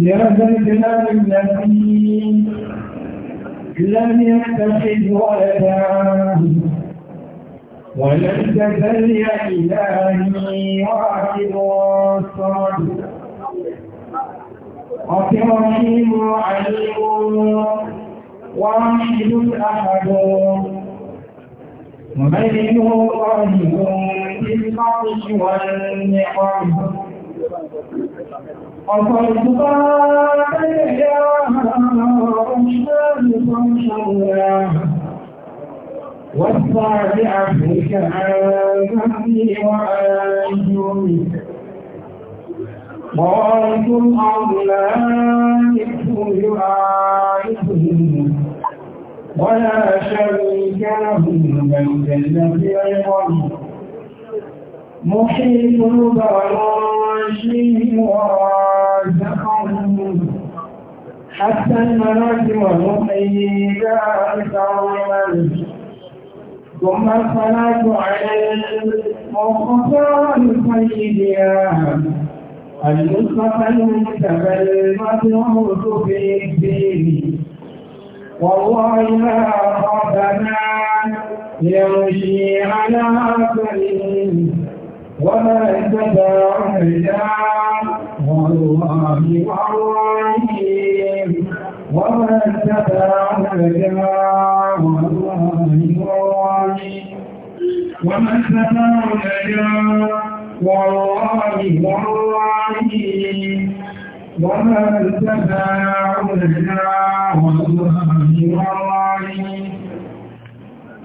يا ذا الجلال الذي لم يتخذ ولدا ولم تزل يا إلهي واحد وصاد وكريم عليم واحد أحد ملك قادر بالقرش والنعم وقد قال يا رحمن فانشرنا واتبع بعفوك عذابي وآجري قالت الأرض لا يكفر يعارفهم ولا شريك لهم بل جل في عظمه محيط بالعرشه ورازقهم حتى الممات ونحيي ذلك ثم الصلاة على المختار سيدها المصطفى المتبى المبعوث في الدين والله يا ربنا يمشي على كريم وما جزاء الرجال والله الرحيم وما جزاء الرجال والله الرحيم وما جزاء الرجال والله الرحيم وما جزاء الرجال والله الرحيم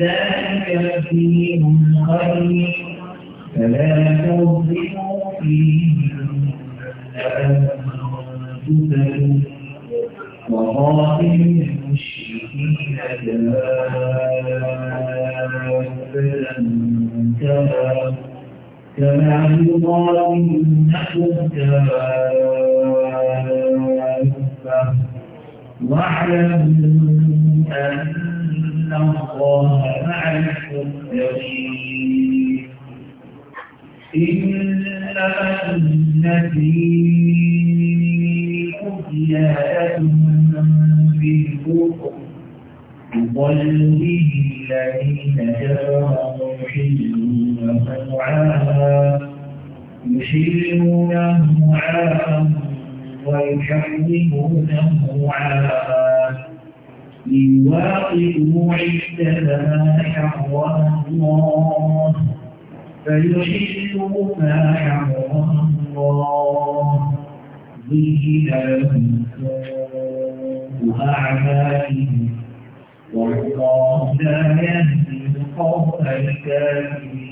ذلك الدين الخير فلا تظلموا فيه أنفسكم وقاتل المشركين كافة كما كما يقاتلونكم كافة واعلموا أن الله مع المتقين إنما النسيء زيادة في الكفر يضل به الذين كفروا يحلونه عاما ويحرمونه على ليواطئوا عدة ما حرم الله فيحلوا ما حرم الله به لهم سوء أعمالهم والله لا يهدي القوم الكافرين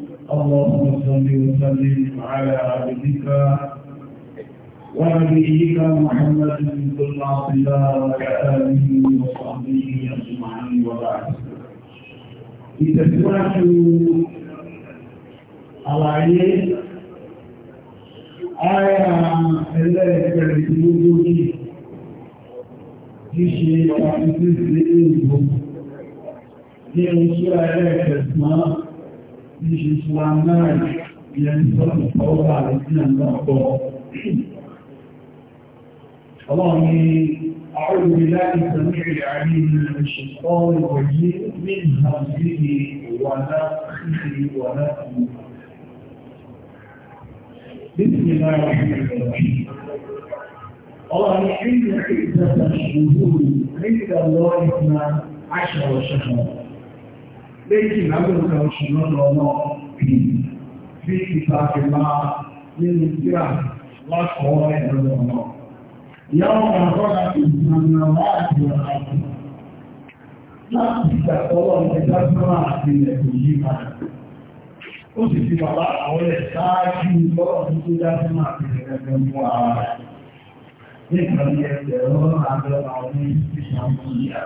اللهم صل وسلم على عبدك ونبيك محمد صلى الله عليه وعلى وصحبه اجمعين وبعد إذا سمعت على آية آية التي تقول في شيء في سورة níṣe ṣúwá náà ìyẹn sọ́rọ̀ ọwọ́ àrẹ sí ẹ̀nà أعوذ بالله السميع العليم من الشيطان الرجيم من همزه ونفخه أمه بسم الله الرحمن الرحيم الله إن عدة الشهور عند الله اثنا عشر شهرا méjì lágbègbè oṣù lọ́dọ̀ ọmọ bí ìta fi máa nínú síra lákọ̀ọ́ ẹ̀rọ ọmọ. Ìyáwó kan kọ́ra sí ìgbìmọ̀ láti ọ̀nà àti láti ìgbà tọ́lọ́ ní dájúmọ́ àti ilẹ̀ kò máa. Ó sì fi bàbá àwọn ẹ̀ sáájú lọ́rọ̀ tó tó dájúmọ́ àti ilẹ̀ kò mú ara rẹ̀. Nígbà tí ẹgbẹ̀rún àgbẹ̀rún àwọn ní ìṣàmúlẹ̀.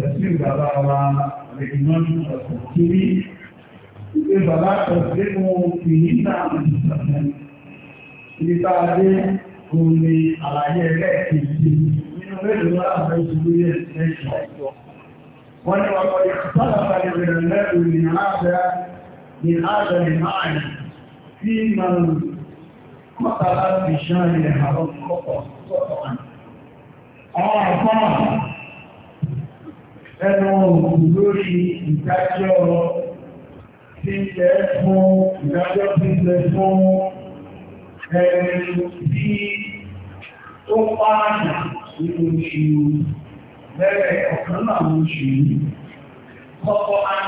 tẹ̀sí bàbá wa rèémọ́nù ọ̀sán kiri ìgbé bàbá tẹ̀sí mu ìyí náà ìsọ̀tẹ̀ nípa adé òní àlàyé ẹlẹ́ẹ̀kejì nínú mélòó náà fẹ́ ṣubú yẹ ẹ̀ṣọ́. wọ́n ní wọ́n kọ́ni sábà kalẹ̀ bẹ̀rẹ̀ lẹ́rù ní àádá ní àádá ní máàyè tí màá kọ́ta láti ṣáà ní ẹ̀hà lọ́kọ̀ọ̀kọ̀ àwọn àfọ́nà ẹnu òkú lórí ìdájọ́ tí ń fún ìdájọ́ tí ń fún ẹni tí ó pààyàn nínú oṣù bẹ́ẹ̀ ọ̀kan náà ń ṣe yìí kọ́kọ́ á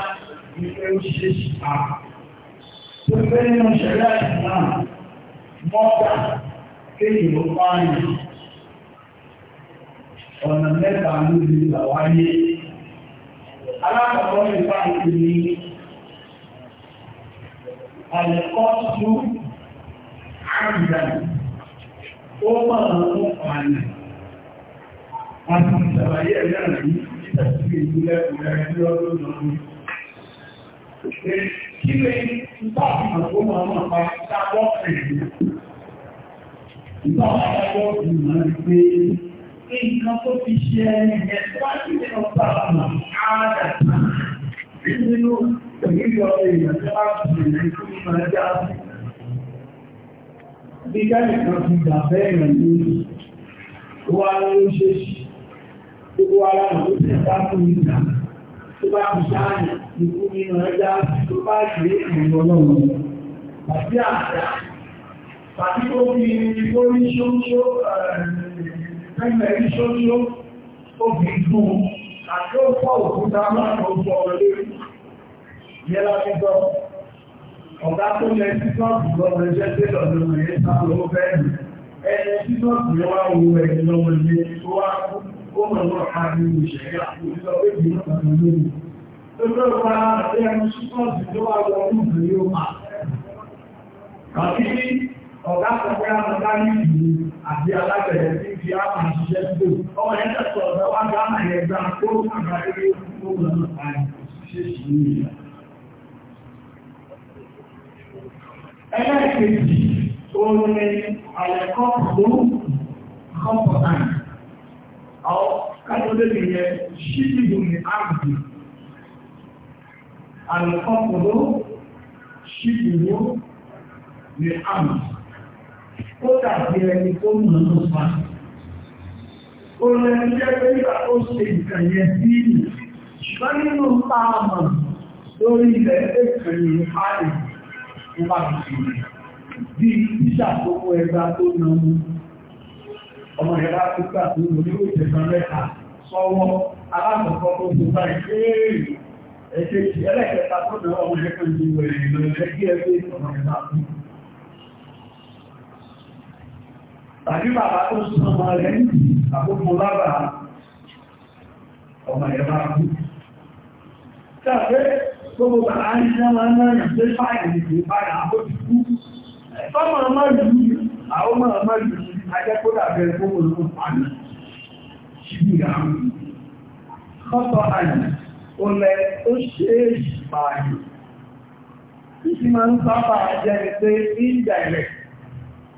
ilé ó ṣe ṣìkà tó gbé nínú ìṣẹ̀lẹ̀ náà mọ́tà kéyìn ó pààyàn ọ̀nà mẹ́ta ló lè gbà wáyé alákọ̀ọ́ ní ìfà ìpìlì àlẹ́kọ́sù àrùdà ó máa mú ààrẹ àti ìṣàlàyé ẹ̀rẹ́ àrí ìtàkì ìgbìlẹ̀ ìrẹ́ lọ́dún lọ́dún kí lè ń bá àpò máa máa pa sábọ́ ẹ̀rẹ́ ìgbà wọn àpapọ̀ ìmọ̀ ìgbé nǹkan tó fi ṣe ẹni ẹ̀ ààrẹ nínú ìgbìyànjú èèyàn tí wọ́n ti rí fún máa já sí. Bí gáàlì kan fi gbà bẹ́ẹ̀rẹ̀ ní wá ní ó ṣe ṣí, gbogbo ara rẹ̀ ó ti dá fún ìgbà tó bá fi ṣáàyàn ikú nínú ẹja tó bá gbé ìrìnà lọ́wọ́. Àti àdá, àti tó fi orí ṣóṣó, ẹgbẹ̀rí ṣóṣó, ó fi gún un àti ó pọ̀ òkúta máa ń gbọ́ ọlé yẹlá gbígbọ́ ọ̀gá tó yẹ sísọ́ọ̀tù lọ́wọ́ ẹgbẹ́ tó lọ́dún rẹ̀ sáà ló fẹ́ ẹni sísọ́ọ̀tù yẹn wá wo ẹ̀yìn lọ́wọ́ ilé tó wá ó mọ̀ lọ́wọ́ ká ní ìṣẹ̀lẹ̀ àti ìlọ́ èdè náà lórí. Tó tó wá àti ẹni sísọ́ọ̀tù tó wá lọ ní ìlú yóò máa. Kàbí ọ̀gá kan fẹ́ àti alágbẹ̀rẹ̀ tí fi ápùn ìṣiṣẹ́ tó ọmọ yẹn tẹ̀sọ̀ ọ̀dọ́ wá gbá àmà yẹn gbá kó àgbà ilé tó lọ àìṣe sí ní ìyá. ẹlẹ́ẹ̀kejì orin àyẹ̀kọ́ fún kọ́pọ̀tàn àwọn kájọ́lé nìyẹn ṣíbìlù ní ní àgbè ó dàbí ẹni tó mọ̀ ló fa. Olè ń jẹ́ pé nígbà ó ṣe nǹkan yẹn sí ìlú. Ṣùgbọ́n nínú ta mọ̀ lórí ilẹ̀ èkìrì àrè ń bá ti ṣe. Bí tíṣà tó kó ẹgbà tó na mú. Ọmọ yẹn bá tó gbà tó lórí òjò kan mẹ́ta sọ́wọ́ alákọ̀ọ́kọ́ ìṣẹ́lẹ̀ kẹta tó ọmọ yẹn kan ju ẹgbẹ́ ẹgbẹ́ ọmọ yẹn bá tàbí bàbá tó sún ọmọ rẹ̀ ní àkókò lábà ọmọ ẹ̀ máa kú. Ṣàfẹ́ gbogbo bàbá ń ṣe máa náà yìí pé fáìlì ìgbè fáìlì àkókò kú. Fọ́mọ ọmọ yìí, àwọn ọmọ ọmọ yìí, ajẹ́kó dàbẹ̀ gbogbo ló pàdé. Ṣìbí ìyàwó. Kọ́tọ̀ àyè, olè ó ṣeé ṣì pààyè. Ìṣì máa ń sábà jẹ́ pé indirect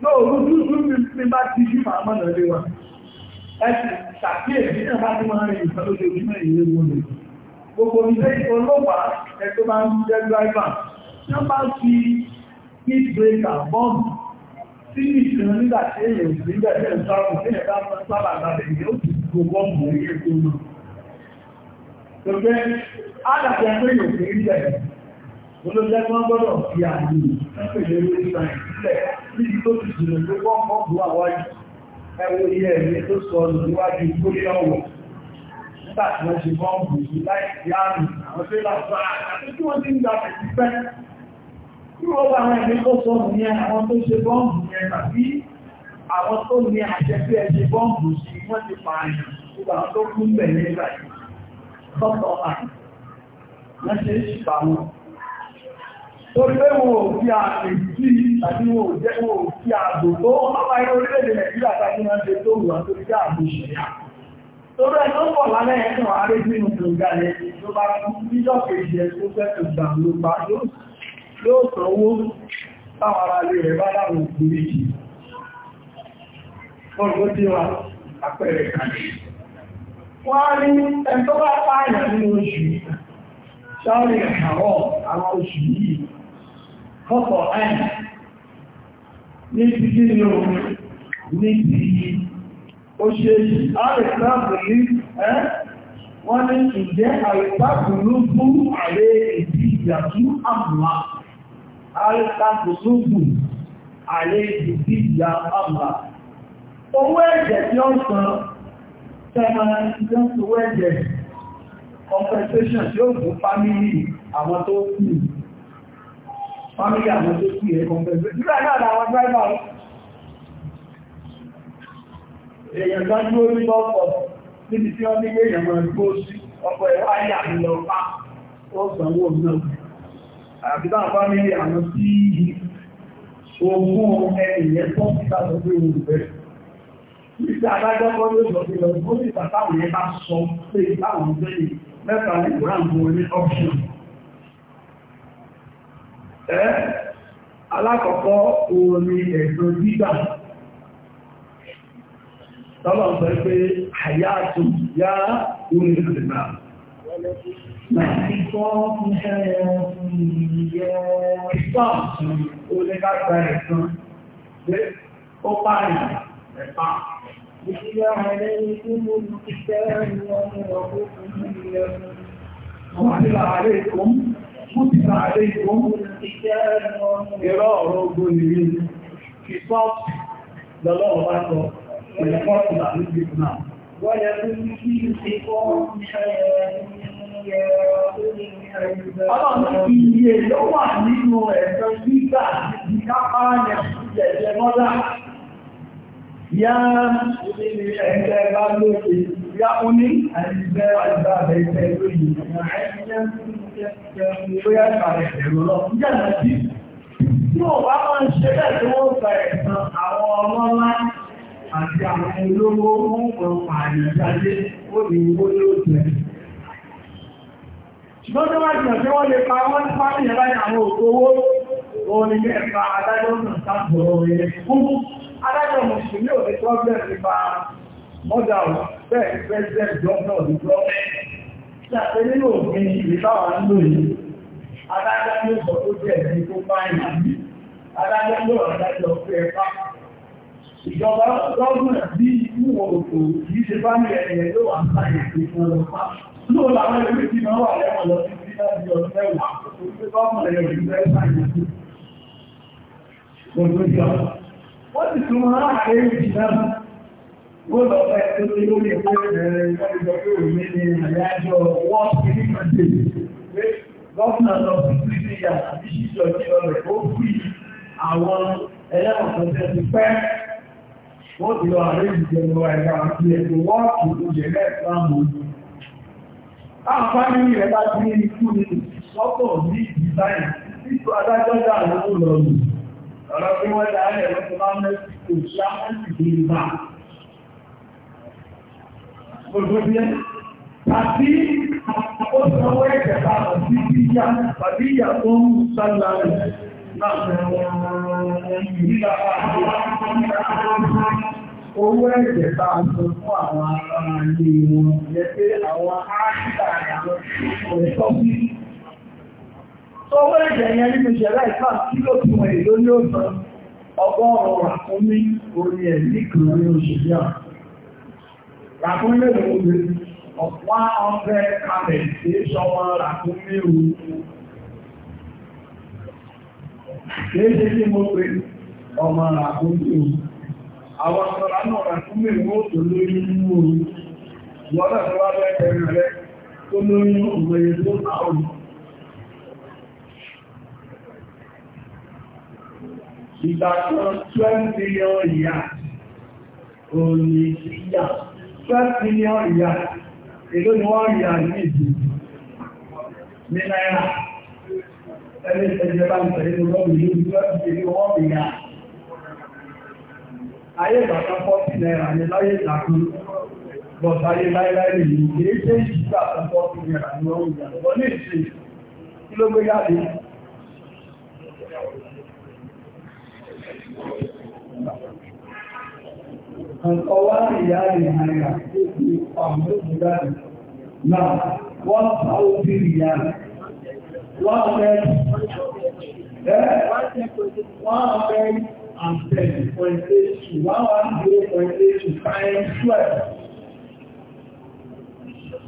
lóòrùn dúdú ní bá ti rí màá mọ̀nà lé wa ẹ̀sìn ṣàkíyèsí náà bá ti máa rìn ìfẹ́ lójoojúmọ́ ìlú ewu rẹ̀ gbogbo ilé ọlọ́pàá ẹgbẹ́ máa ń jẹ́ dráìbà tí wọ́n bá fi speed breaker bọ́ọ̀mù sí ìṣúná nígbà tí èèyàn sí nígbà tí èèyàn sábà tí èèyàn bá máa sábà lábẹ́ ìdí ó sì gbogbo bọ́ọ̀mù orí ẹgbẹ́ náà. Gbogbo àdàpọ̀ pé yóò fi rí bẹ̀rẹ̀ olóòjẹ́gbọ́n gbọ́dọ̀ fi àmì pẹ̀lẹ̀ oríta ìpínlẹ̀ níbi tó ti jùlọ tó wọ́n kọ́ bú àwájú ẹwọ ilé ẹ̀mí tó sọ níwájú gómìnà wọ̀ nígbà tí wọ́n ṣe bọ́n bù sí láìsí àmì àwọn tó lásán àti tí wọ́n ti ń gbàgbé ti pẹ́ kí wọ́n bá àwọn ẹ̀mí tó sọ nìyẹn àwọn tó ṣe bọ́n bù yẹn tàbí àwọn tó ní àṣẹ pé ẹ ṣe bọ́n bù sí wọ́n ti pààyàn nígbà tó kú bẹ̀ nígbà yìí torí pé wọn ò fi àpè sí àti wọn ò jẹ́ wọn ò a ààbò tó ọmọ ẹ̀rọ orílẹ̀-èdè nàìjíríà tàbí máa ń ṣe tó wù àti oríṣẹ́ ààbò ṣẹ̀yà torí ẹ̀ tó pọ̀ lálẹ́ ẹ̀ náà aré nínú gbòǹgà yẹn tó bá kú níjọ́ kejì ẹ̀ tó fẹ́ tó gbà ló pa yóò sanwó táwọn ará ilé rẹ̀ bá dáhùn ìgbìyànjú wọ́n ló dé wa àpẹẹrẹ kan wọ́n á ní ẹ̀ tó bá pààyàn nínú oṣù sáwọn ìrìn àwọn oṣù yìí fọ́pọ̀ àìn ní ti kí ni o ní ti ó ṣe àrẹ̀sáàbù ní ẹ́ wọ́n ní ìjẹ́ àrẹ̀sáàbù ló fún àrẹ èdè ìyàtú àmà àrẹ̀sáàbù ló fún àrẹ èdè ìyà àmà owó ẹ̀jẹ̀ tí ó san tẹ́mà ìjọ́ owó ẹ̀jẹ̀ compensation tí ó fún fámílì àwọn tó kú fámílì àwọn tó kú yẹ kọ̀m̀pẹ̀sẹ̀ nígbà náà làwọn dráìbà èèyàn kan dúró ní lọ́pọ̀ níbi tí wọ́n ní pé èèyàn máa gbó sí ọkọ̀ ẹ̀wọ́ ayà mi lọ pa ó sanwó náà àbí táwọn fámílì àwọn tí ogún ẹnìyẹn tó ń ta lórí olùbẹ̀rẹ̀ Ìgbà adájọ́ kọ́ ló sọ pé lọ, ó sì pàtàkùn yẹn bá sọ pé báwọn ń gbé ẹ́ alákọ̀ọ́kọ́ òun ni ẹ̀sùn gbígbà tọ́lọ̀ sọ pé àyáàtù yá orí ìrìnà Ó pààyàn ẹ̀pá. Ìjìyà ààrẹ ìgbìmò ìṣẹ́ ìwọ̀n ìrọ̀kú fún ìlẹ̀ ọmọ àrílà ààrẹ ìkọ́mù kútìlá àrẹ ìwọ̀n ìrọ̀ ọ̀rọ̀ ogun nìrí ìfọ́ọ̀tì lọ́lọ́wọ́ bá sọ ìrẹ̀fọ́ọ̀tì láti gbìyànjú náà wọ́n yẹ kí ní kí ìfẹ́ Ọlọ́run iye ló wà nínú ẹ̀sọ́ gbígbà ìkápá ẹ̀sùn Ya ẹgbẹ́ bá lóṣe yá ó ní àìsẹ́ àìsẹ́ àbẹ̀ẹ́sẹ́ lóyìn bóyá ìpàrẹ̀ ẹ̀rọ lọ nígbà náà tí yóò bá máa ń ṣe bẹ́ẹ̀ tí wọ́n gba ẹ̀sán àwọn ọlọ́lá àti àwọn olówó ń kọ pààyàn jáde ó ní owó yóò jẹ ṣùgbọ́n tó jùlọ tí wọ́n lè pa wọ́n pa ní ẹ̀rọ àwọn òkòwò òun ni mẹ́ta adájọ́ náà sábọ̀ ọ̀rẹ́ fún adájọ́ mùsùlùmí ò ní problem nípa mọ́dà ò bẹ́ẹ̀ president governor ní ìjọba gọ́ọ̀nà bí inú òkò yìí ṣe bá ní ẹ̀yẹ ló wà ń sáyẹ̀ fún ọdún pa lóò làwọn ẹgbẹ́ tí máa wà lẹ́wọ̀n lọ sí sí náà ọdún mẹ́wàá tó gbé gọ́ọ̀nà ẹ̀yẹ òjú mẹ́wàá sì tún máa ààrẹ ìjì náà wọ́n lọ fẹ́ tó ní lórí ẹ̀kọ́ ìbẹ̀rẹ̀ ìjọ pé òní ni àyájọ́ wọ́n ti ní kàdé gọ́ọ̀nà lọ sí títí ìyá àti ṣíṣọ ní ọ̀rẹ́ ó fi àwọn ẹlẹ́wọ̀n tó tẹ́ ti pẹ́ wọ́n ti lọ ààrẹ ìjì lọ ẹ̀ka àti ẹ̀kọ́ wọ́ọ̀kì tó jẹ́ mẹ́ta mú Àfáàní rẹ̀ bá ti ní ikú ni sọ́tọ̀ ní ìdíjáì, títú adájọ́ dà lọ́wọ́ ọ̀rọ̀ tí wọ́n dá rẹ̀ lọ́tí bá mẹ́ kò ṣáàtì bí bá gbogbo bí ẹ́ tàbí ó sanwó ẹ̀jẹ̀ bá lọ sí bíyà tàbí ìyà tó ń sálà rẹ̀ Owó ẹ̀jẹ̀ bá ń sọ fún àwọn ará ilé wọn, yẹ pé àwọn áṣìkà àwọn ẹ̀tọ́ bíi tó wọ́n ẹ̀jẹ̀ yẹn nínú ìṣẹ̀lẹ̀ ìfà kí ló fi wọ̀n èlò ní òsàn ọgọ́rùn-ún ràkúnmí orí ẹ̀ ní ìkùnrin ní òṣèlú à ràkúnmí mélòó ni ọ̀pá ọ̀fẹ́ kalẹ̀ sí sọmọ ràkúnmí ru kìí ṣe kí mo pe ọmọ ràkúnmí ru àwọn ọ̀sọ̀rọ̀ náà ràkúnmí ru ó tó lórí mú o wọ́n náà ìgbàtọ̀ 12 million ìyá ẹni ìṣẹ́jẹ́ bá ń tẹ̀lé lọ́wọ́ ìlú ìgbàtọ̀ ìlú wọ́n rí ìyá ayé ìgbàtọ̀ 40 náírà ní láyé ìgbàtọ̀ bọ̀t ayé láíláí ìlú kìí tẹ́ ìgbàtọ̀ 40 náírà ní wọ́n rí ìyá ọwá ìyá ìhànà tó fi pàmò ìgbàdì náà wọ́n fà ó bí ìyá wọ́n fẹ́ wọ́n fẹ́ and ten point eight two one one zero point eight two five twelve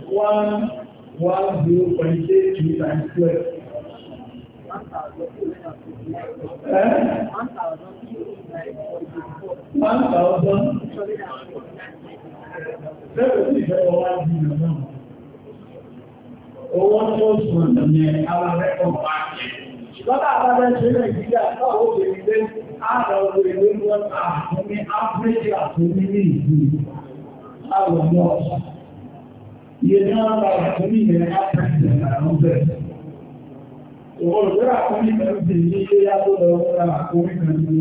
one one zero point eight two times twelve one thousand seven sí ìfẹ́wọ̀ wá di ìlú owó tó sùn ní àwọn akẹ́kọ̀ọ́ bá yẹ lọ́dà àbájá ṣe nàìjíríà náà ó lè rí lé àárọ̀ ó lè rí wọ́n ní áfíríkì àfún ní ní ìlú àwọn ọmọ ọ̀sán iye ní wọ́n bá wà fún ìyẹn áfíríkì àwọn bẹ̀rẹ̀ òwò ìgbéra fún ìgbẹ̀rún bìí ní ilé yàtọ̀ lọ́wọ́ àkórí kan ní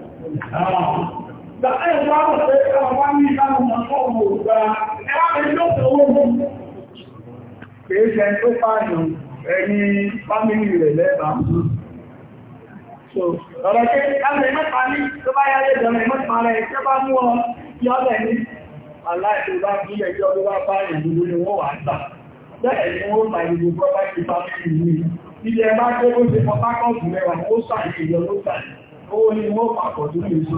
Gbàtẹ́ ìjọ àwọn ọ̀sẹ̀ tó pààyàn ẹni fámílì rẹ̀ lẹ́bàá. ọ̀rọ̀ kí ẹgbẹ̀ mẹ́ta ní tó bá yá lé jẹun mẹ́ta rẹ̀ bá mú ọ ní bá kí ẹjọ́ ló bá ni wọ́n wà tà. Bẹ́ẹ̀ ni wọ́n owó ni wọ́n pàpọ̀ tó lè ṣe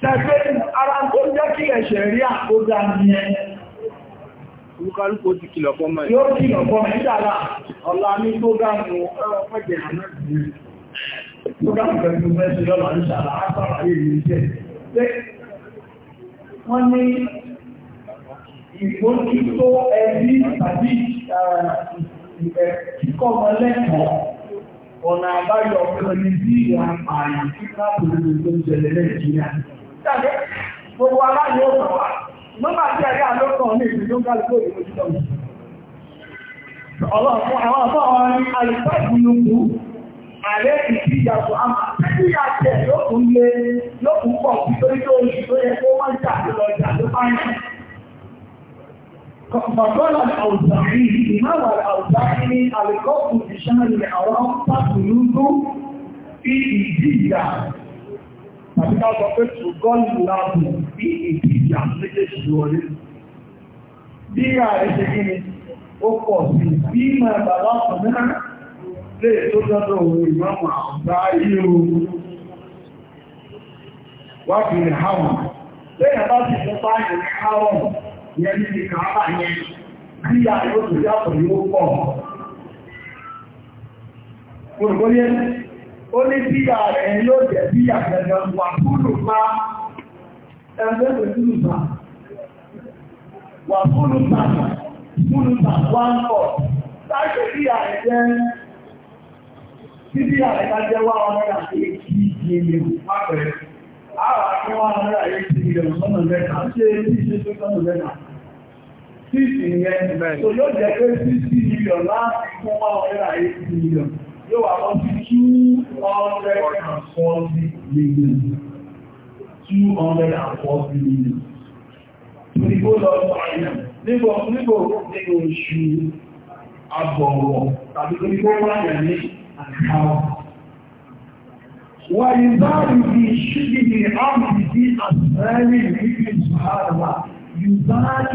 tẹ́gbẹ́ ara tó jẹ́ kí ẹ̀ṣẹ̀ rí àkójá ní ẹ olúkálùkù ti kìlọ̀ fọ́ mẹ́ yóò kìlọ̀ fọ́ mẹ́ dára ọ̀la ní tó gáàmù ọ̀rọ̀ pẹ̀jẹ̀ àmẹ́ tó gáàmù pẹ̀lú mẹ́sì lọ́la ní sàrà ápàrà yìí jẹ́ pé wọ́n ní ìgbókító ẹbí tàbí kíkọ́ mọ́ ọ̀nà àbáyọ ọ̀pọ̀ ní bí ìwà àpààyàn tí káàpù lórí tó ń ṣẹlẹ̀ nàìjíríà. Dàbẹ́ gbogbo aláyọ̀ ọ̀sán wa, nọ́mbà tí ẹ̀rí àlọ́kàn ní ìlú tó ń kálukú òyìnbó títọ̀ mọ́. Ọlọ́run fún àwọn ọ̀fọ́ wọn ní àlùfáà ìlúkú àlẹ́ ìdí ìyàtọ̀ àmà títí ń ṣe فقال الأوزاعي الإمام الأوزاعي القول بشأن الحرام تخلد في إيديا tàbí ká sọ pé ṣùgbọ́n láàbù bí ìdíjà méjèèjì wọlé bí ààrẹ ṣe kí ni ó pọ̀ sí bí mọ̀ bàbá ọ̀nà lè tó dọ́dọ̀ òun ìmọ̀mọ̀ àgbà yíò wákìlì háwọn lẹ́yìn ìyẹn ní ti kàábà yẹn bí i àìyó tó yàtọ̀ yóò pọ̀. Olùgbóyé, ó ní bí i ààrẹ yóò jẹ́ bí i àgbẹ̀gbẹ̀ wà fúrù pa ẹgbẹ̀rẹ̀ fúrù pa. Wà fúrù pa, fúrù pa wá ń pọ̀. Láìpẹ̀ bí ààrẹ jẹ́ Títí ààrẹ bá jẹ́ wá ọmọ náà ṣe kí ìgbìyànjú pápẹ̀rẹ̀. Àwọn akẹ́wà náà yẹ́ ti ìrẹ̀lú sọ́nà lẹ́ta, ṣe é ti ṣe tó sọ́nà lẹ́ta síìsì yẹn tó yóò jẹ́ pé síìsì mílíọ̀n láti fún àwọn ẹ̀rà èsì mílíọ̀n yóò wà lọ sí 240 mílíọ̀n 240 mílíọ̀n nígbò lọ sọ àyàn nígbò nígbò nígbò oṣù àbọ̀wọ̀ tàbí tó nígbò wáyà ní àkáwà wà ìzáàrí bí ṣíkì ní àmì bí àṣẹ́rì ní ìṣàrà ìzáàrí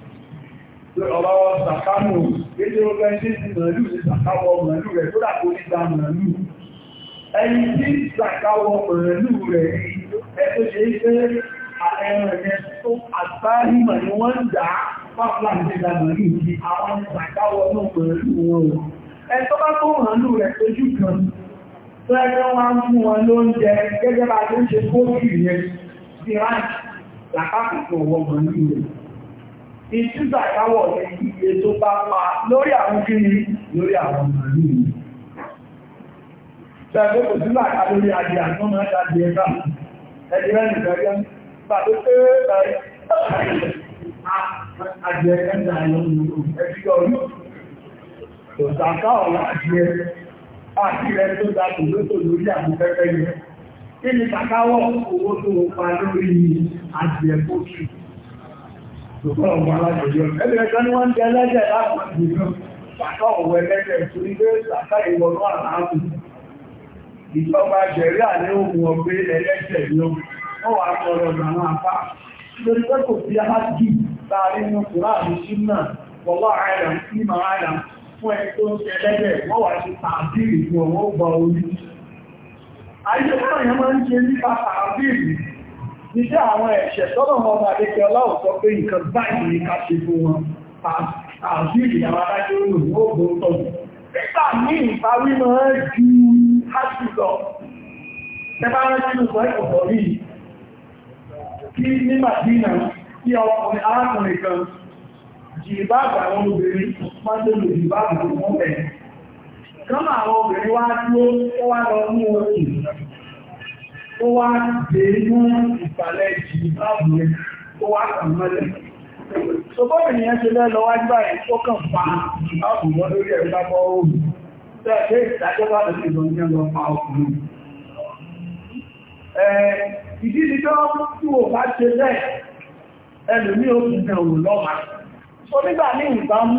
ọba wọn sàkámù kéde ọgbẹ́ ṣe ti màálù ní sàkáwọ màálù rẹ̀ tó dàpọ̀ níta màálù ẹni tí sàkáwọ màálù rẹ̀ ẹ̀tọ́ ṣe ṣe ẹran yẹn tó àgbáhìmọ̀ ni wọ́n ń dà pápá níta màálù ní àwọn sàkáwọ náà màálù wọn o ẹ̀tọ́ bá tó màálù rẹ̀ tójú kan tó ẹgbẹ́ wọn fún wọn lóúnjẹ gẹ́gẹ́ bá tó ń ṣe kókì yẹn sí ráńtì làkákùnkùn ọwọ́ ìtúgbà káwọ̀ ní iye tó bá pa lórí àwọn kiri lórí àwọn màálù ṣẹ́gbẹ́ kò sílà ká lórí adì àtọ́ máa dájì ẹgbà ẹgbẹ́ nìgbẹ́gbẹ́ pàdé pé adì ẹgbẹ́ ní àwọn ẹgbẹ́ orí kò sàkà ọ̀rọ̀ adì ẹgbẹ́ àti rẹ̀ tó dá kò lótò dị ọmọ alájọyọ ẹni ẹjọ́ ni wọ́n jẹ ẹlẹ́jẹ̀ láti ìjọba jẹ̀rí àníhùn ọgbẹ́ ẹlẹ́jẹ̀ ni ó wà sọ̀rọ̀ lórí pé kò láàrin ní sí máa fún ẹni tó ń ṣe wọ́n wà ìgbọ̀n gba orí. níṣẹ́ àwọn ẹ̀ṣẹ̀ tọ́lọ̀ ọmọ àdékẹ́ ọláwọ̀ sọ pé nǹkan báyìí ní ká ṣe fún wọn àbí ìyàwó adájọ́ òun ó gbó tọ́jú nígbà ní ìparí máa ń ju hásù lọ ẹbá rántí ní ìwọ̀n ìkọ̀kọ̀ rí kí ní màdínà tí ọkùnrin arákùnrin kan jìbáàbà àwọn obìnrin máa ń lò jìbáàbà tó wọ́n bẹ̀rẹ̀ kọ́nà àwọn obìnrin wá dúró ó wá lọ mú orí ó wá dé mú ìsàlẹ̀ ìjìnbáàbù rẹ̀ ó wá kàmọ́lẹ̀. Sọgbọ́n ènìyàn ṣe lẹ́ lọ wájú báyìí ó kàn pa ìbáàbù wọn lórí ẹ̀rọ lábọ́ oòrùn. Tẹ́ẹ̀ṣẹ́ ìdájọ́ bá lọ sí ìlọ́jẹ́ ni tó tí ò bá ṣe lẹ́ ẹlòmí ó ti dẹ̀rù lọ́wọ́. Onígbà ní ìbámu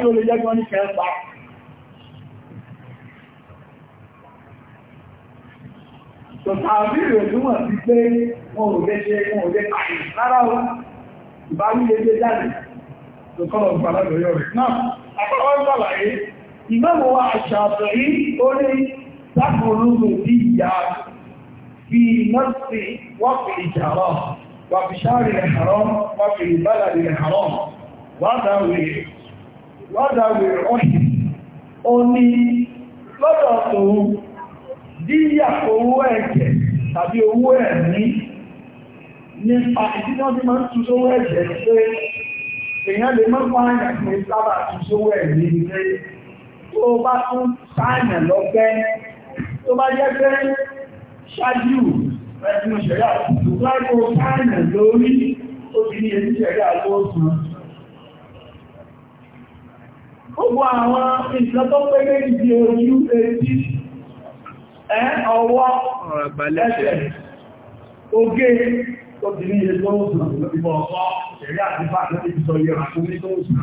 Sọ̀tàbí rẹ̀ túnmọ̀ sí pé wọn ò jẹ́ ṣe wọn ò jẹ́ pàdé rárá o, ìbáwí lè gbé jáde tó kọ́ ọ̀gbà lọ́dọ̀yọ́ rẹ̀. Náà, àpapọ̀ ìgbàlàyé, ìmẹ́wọ̀ wa àṣàtọ̀ yìí ó lé lákòólógò bí ìyá fi nọ́ọ̀sì wọ́n fi ìjàrọ̀, wà fi ṣáàrì rẹ̀ àrọ̀, wà fi ìbálàrí rẹ̀ àrọ̀, wádàwẹ̀ ọ̀hìn. Ó ní lọ́dọ̀ tòun díyà owó ẹ̀jẹ̀ tàbí owó ẹ̀mí nípa ìdí náà bí máa ń tún sówó ẹ̀jẹ̀ ní pé èèyàn lè mọ́ pààyàn ní sábà tún sówó ẹ̀mí ní pé tó bá tún pààyàn lọ́gbẹ́ tó bá jẹ́ pé ṣáájú ẹ̀sìn ìṣẹ̀dá tó bá kó pààyàn lórí ó ti ní ẹ̀sìn ìṣẹ̀dá lóòsùn Gbogbo àwọn ìṣẹ́ tó pé méjì ojú etí ọwọ́ ẹ̀ṣẹ̀ ogé obìnrin ilé tó ń sùn lórí bọ́ ọ̀pọ̀ ẹ̀rí àtúfà lórí ìsọ yẹra fún ní tó ń sùn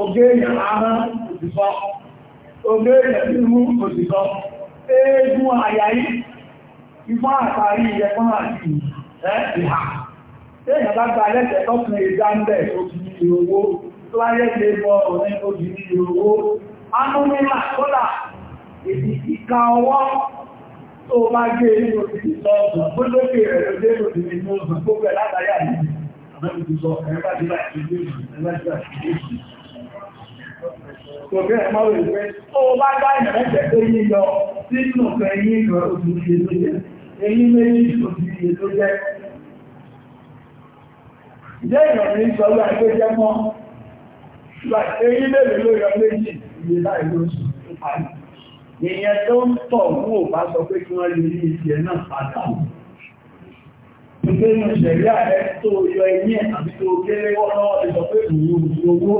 ogé èèyàn òsìkọ́ ogé èèyàn òsìkọ́ eégún àyàyí ifá àtàrí ẹ̀kọ́ àti ìhà èdè ìka ọwọ́ tó bá gé nínú ti sọ́ọ̀sùn tó lókè rẹ̀ lóde ló ti ní mọ́sùn tó pẹ̀ látàyà yìí àmọ́ ti sọ ẹ̀rẹ́bà tí bá ti gbé ẹ̀rẹ́bà tí gbé Kò gẹ́ ẹ̀mọ́ rẹ̀ pé ó bá dá ìrẹ́sẹ̀ tó yí lọ sínú fẹ́ yí lọ òṣìṣẹ́ tó jẹ́. Èyí méjì òṣìṣẹ́ tó jẹ́. Ìjẹ́ ìrọ̀lẹ́ ìṣọ́lú àgbéjẹ́ mọ́. Èyí lè lè lórí ọmọ méjì ìyẹ́ láì lóṣù tó parí ìyẹn tó ń tọ̀ mú ò bá sọ pé kí wọ́n lè ní ìṣẹ́ náà padà Ìgbé inú ṣẹ̀rí ààrẹ tó yọ ẹni ẹ̀ àbí tó kéré wọ́n lọ́wọ́ ti sọ pé ìwò ìgbówó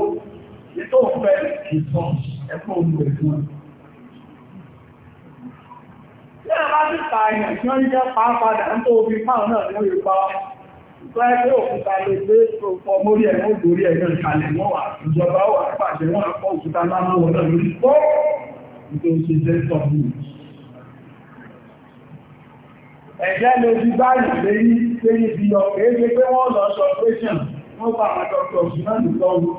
ní tó fẹ́ ìsọ ẹ̀kọ́ òun rẹ̀ fún ẹ̀. Yẹ́ra bá tó ń ṣe sẹ́ńtọ̀ bù. Ẹ̀jẹ̀ lè fi báyìí léyí léyí bí lọ kéèké pé wọ́n lọ sọ pẹ́ṣẹ̀n wọ́n bá àwọn dọ́kítọ̀ ṣùgbọ́n nìkan wù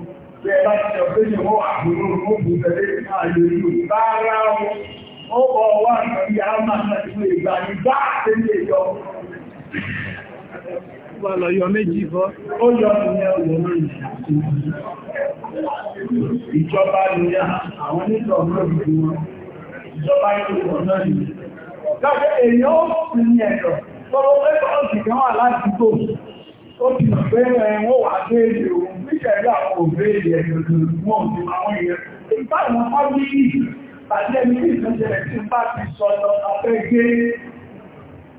pé ẹ bá ti sọ pẹ́ṣẹ̀n wọ́n wà fún un ó bù tẹ̀lé máa lè lù bá ara wọn. Ó bọ̀ ní bá wà lọ yọ méjì fọ́ ó yọ ìyẹn òun ìjọba ni àwọn nílò lórí wọn ìjọba yóò wọ̀ náà ni láti èyàn ó sì ní ẹ̀rọ tọ́rọ pẹ́pọ̀ ọ̀sì kan wà láti tó ó ti pẹ́ ẹ̀wọ̀n wà déèdè òun níṣẹ̀lẹ̀ àwọn òbéèrè ẹ̀rọ wọn ti àwọn èèyàn ìbáwọn fábílì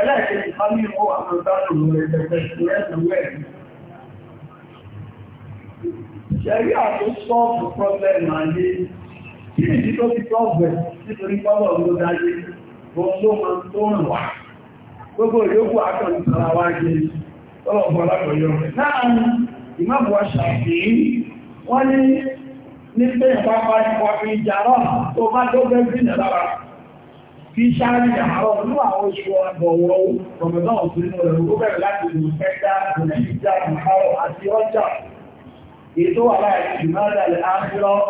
ẹlẹ́ẹ̀kejì bá ní ìwọ́ àwọn ìdánilò rẹ̀ tẹ̀tẹ̀ ìrẹ́sẹ̀wẹ̀ ṣẹ̀rí àtó sọ́ọ̀bù pọ́lẹ̀mù ayé kí ìdí tó ti sọ́ọ̀bù nítorí pọ́lọ̀ ló dáyé gbogbo ma tó ń wà gbogbo ìyókù akọ̀lù tara wá jẹ́ ọlọ́pọ̀ alákọ̀ọ́yọ́ láàrin ìmáàbù aṣàfihì wọ́n ní ní pé ìpápá ìpapì ìjà náà tó bá tó bẹ́ fi ṣáàrí àwọn ní àwọn oṣù ọgbọ̀wọ́ ọmọdán òfinú rẹ̀ ó bẹ̀rẹ̀ láti lè fẹ́dá ìrìnàjíjá ìhárọ̀ àti ọjà ètò àlá ìjìmọ́lẹ̀ àárọ̀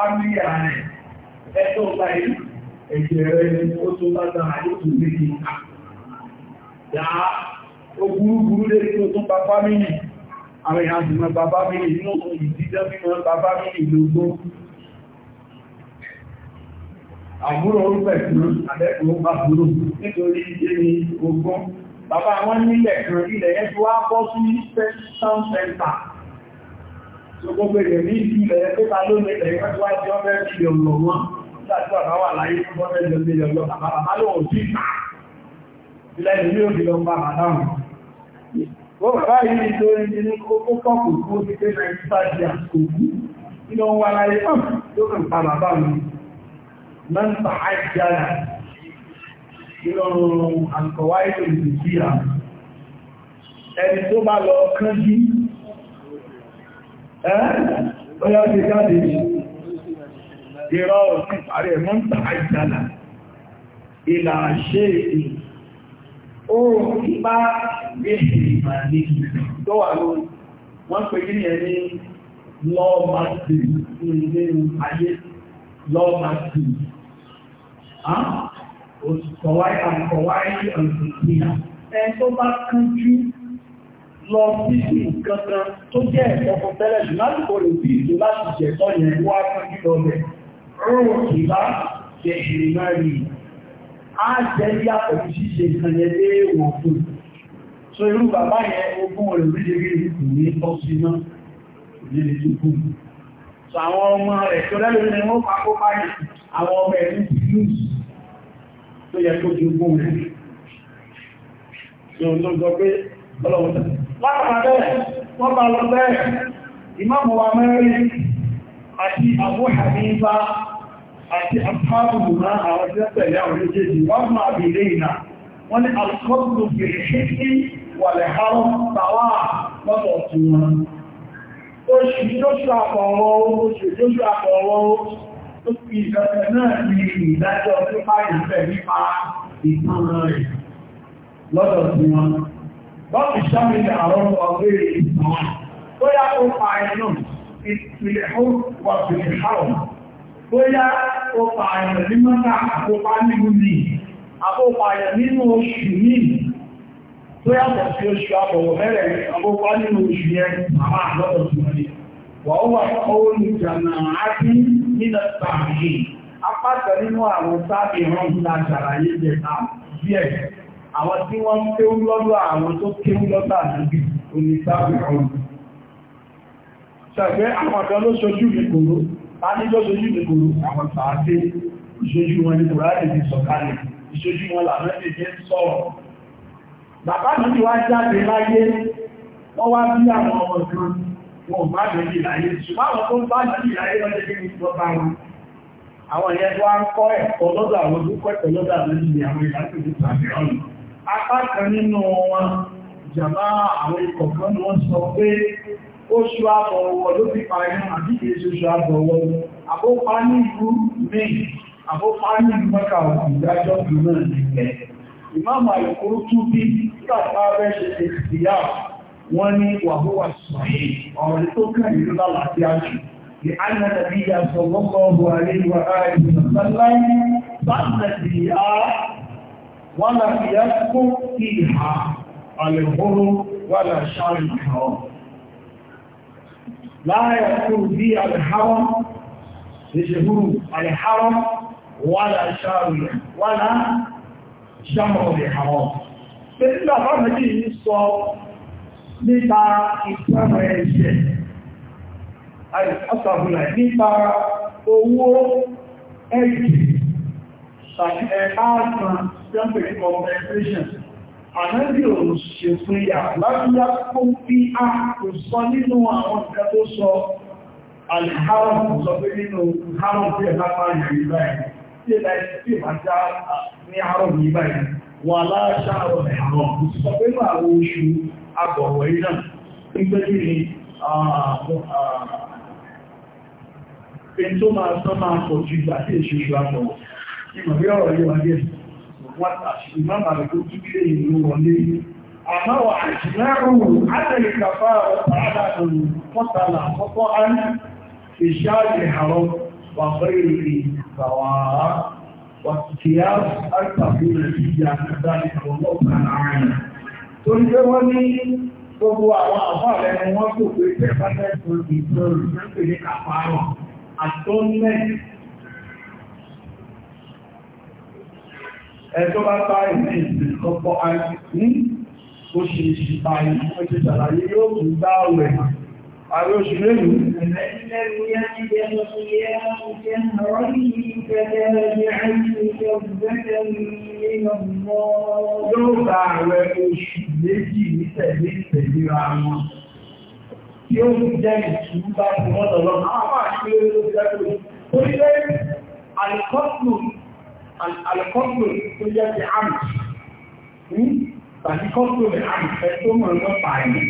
àti Ẹgbẹ́ ọgbà ìlú ẹ̀jẹ̀ rẹ̀ ni ó tó lágbára ètò méjì ká yàá ó burúburú lé tó tó bá fámílì àwọn èèyàn sì mọ́ bá fámílì nínú ìdíjẹ́ mímọ́ bá fámílì lógó àbúrò ó pẹ̀sùn àbẹ́kùn bá burú nítorí ìdíjẹ́ ní ogún bàbá wọn nílẹ̀ kan ilẹ̀ yẹn tó wá bọ́ sí special center tó gbogbo èdè ní ìlẹ̀ pẹ́ta lónìí ilẹ̀ yẹn tó wá jẹ́ ọ̀fẹ́ ìlẹ̀ ọ̀nà wọn Ìgbàjúwà bá wà láyé fún bọ́ọ̀lẹ́ ìjọ sí ìjọ àbábá lóòó sí ìgbà. Ìlẹ́ ìlú yóò fi lọ bá màdámù. Ó bá yìí tó ń di ní kókó pọ̀pù kó ti pé Nàìjíríà di àkókò. Ìlọ ń wà láyé pọ̀ tó kàn pa bàbá mi. Mẹ́ta àìjára. Ìlọ àǹkọ̀wá ètò ìdìbíyà. Ẹni tó bá lọ kánjú. Ẹ́ ó yá ti jáde ìrọ̀ òsì parí ẹ̀mọ́ ń tàà ìjàlá ìlà ṣe èdè oòrùn bá gbèsè ìmàlè tó wà lórí wọ́n pè kí ní ẹni lọ́ọ̀màtì ní ilé ayé lọ́ọ̀màtì kọ̀wáì àkọ̀wáì ọ̀sìnkìyà ẹ tó bá kánjú lọ sí sí nǹkan kan tó jẹ́ ẹ̀kọ́ fún tẹ́lẹ̀ jù lásìkò rẹ̀ sí ìjọ láti jẹ̀tọ́ yẹn wá kánjú lọ bẹ̀rẹ̀ rọrùn ìbá jẹ ìrìnmárì á jẹ́ yàtọ̀ ṣíṣe ìkànnẹ̀ lé wọ̀n fún so irú bàbá yẹn ogún rẹ̀ orílẹ̀-èdè kò ní tọ́ sí náà ìdílé tó kú so àwọn ọmọ rẹ̀ tó lẹ́lẹ́ ní wọ́n pa kó báyìí àwọn ọmọ ẹ̀rí ti lùs tó yẹ kó ti ogún rẹ̀ so tó gbọ́ pé ọlọ́wọ́ lára bẹ́ẹ̀ àti Abu Hanifa àti àpáàbùnà àwọn tí ó tẹ̀lé àwọn méjèèjì wọ́n máa bí lè ìnà wọ́n ni alkọ́tù fèrè ṣíkí wà lè harọ́ tàwà lọ́pọ̀ tí wọ́n oṣù lóṣù àpọ̀ọ̀rọ̀ oṣù lóṣù àpọ̀ọ̀rọ̀ ó fi ìfẹ́fẹ́ náà ní ìdájọ́ tó bá ìfẹ́ nípa ìtàn rẹ̀ lọ́dọ̀ tí wọ́n bọ́ọ̀lù ìpìlẹ̀hún wà pìlẹ̀háùn bóyá ó pààyàn ní mọ́ta àkópa nínú ní àkópààyàn nínú oṣù ní tó yàtọ̀ sí oṣù àbọ̀wọ̀ mẹ́rẹ̀ nínú oṣù tí wà ó wà ọwọ́ olùjànà nínú tààrí nínú ní ṣàgbé àwọn kan ló ṣojú ìkòrò a ní ló ṣojú ìkòrò àwọn sàáté ìṣojú wọn ní kòrádì ti sọ̀kalẹ̀ ìṣojú wọn làmẹ́sì ní sọ̀rọ̀ bàbá mi ti wá jáde láyé wọ́n wá bí àwọn ọmọ kan wọn ò má lórí láyé ṣùgbọ́n àwọn tó ń bá lórí láyé lọ́jẹ́ kí ní ìjọba wọn àwọn ìyẹn tó wá ń kọ́ ẹ̀kọ́ lọ́dọ̀ àwọn tó kọ́ ẹ̀kọ́ lọ́dọ̀ àwọn ìyẹn àwọn ìyàtò ní sàmì ọ̀nà apá kan nínú wọn jàmá àwọn ikọ̀ kan ni wọ́n sọ pé oṣù àbọ̀wọ̀ ló fi pààrin àbíkì oṣù àbọ̀wọ̀ àbópa ní ìlú maine àbópa ní ìmọ́ka ìdájọ́ ìlú ìpẹ́ ìmáàmà ìkúrú tún bí tàbí abẹ́ ṣe ṣe ìyá wọ́n ní wàhúwà sọ̀yìn ọ̀rọ̀ tó láàyà tó bí alìháwọ́ ìṣẹ̀húrù alìháwọ́ wàlá ṣàmọ̀ alìháwọ́ pé nígbà bá méjì ní sọ nípa ìpẹ́mọ̀ ẹ̀ṣẹ̀ àìsàbùlà nípa owó ẹ̀kì tàbí ẹ̀kà ààtàn Ànábì òun ṣe fún ìyà lábúlá kó bí a kò sọ nínú àwọn nǹkan tó sọ alìhárùn sọ pé nínú hárùn tí ẹ̀lá máa yà rí báyìí tí ẹ̀lá tí ìmá já ní hárùn ní báyìí wà láṣàrọ̀ ẹ̀hàn sọ pé wọ́ta ṣùgbọ́n màrí tó tún lè ìlú wọlé ní àmáwà àṣìláàrùn àtẹ̀lẹ̀kàfà ọ̀pàdàdùn mọ́tàlá àkọ́kọ́ án ìṣáàjẹ̀ àrọ wàbẹ̀rẹ̀ ìgbàwà wàtíyà àtàkùnrin ìyà àtàkùnrin ọlọ́pàá àárín torí pé ní gbogbo àwọn àbáàlẹ́ ni ẹjọ́ bá bá ìdí ìdìkọ́pọ̀ àìsí ó ṣe ìṣìta ìṣẹ́ ṣàlàyé yóò tún dá ọ̀rẹ̀ àrí oṣù lẹ́nu yóò bá ààrẹ oṣù méjì ní tẹ̀lé ìtẹ̀lera wọn tí ó ń jẹ́ ìtùú bá fún ọ́tọ̀lọ́ Àwọn àṣírí ló ti rẹ́ alẹ́kọ́tò tó jẹ́ ti àmì tàbí kọ́tò rẹ̀ àmì fẹ́ tó mọ̀ ń lọ́pa ẹ̀mí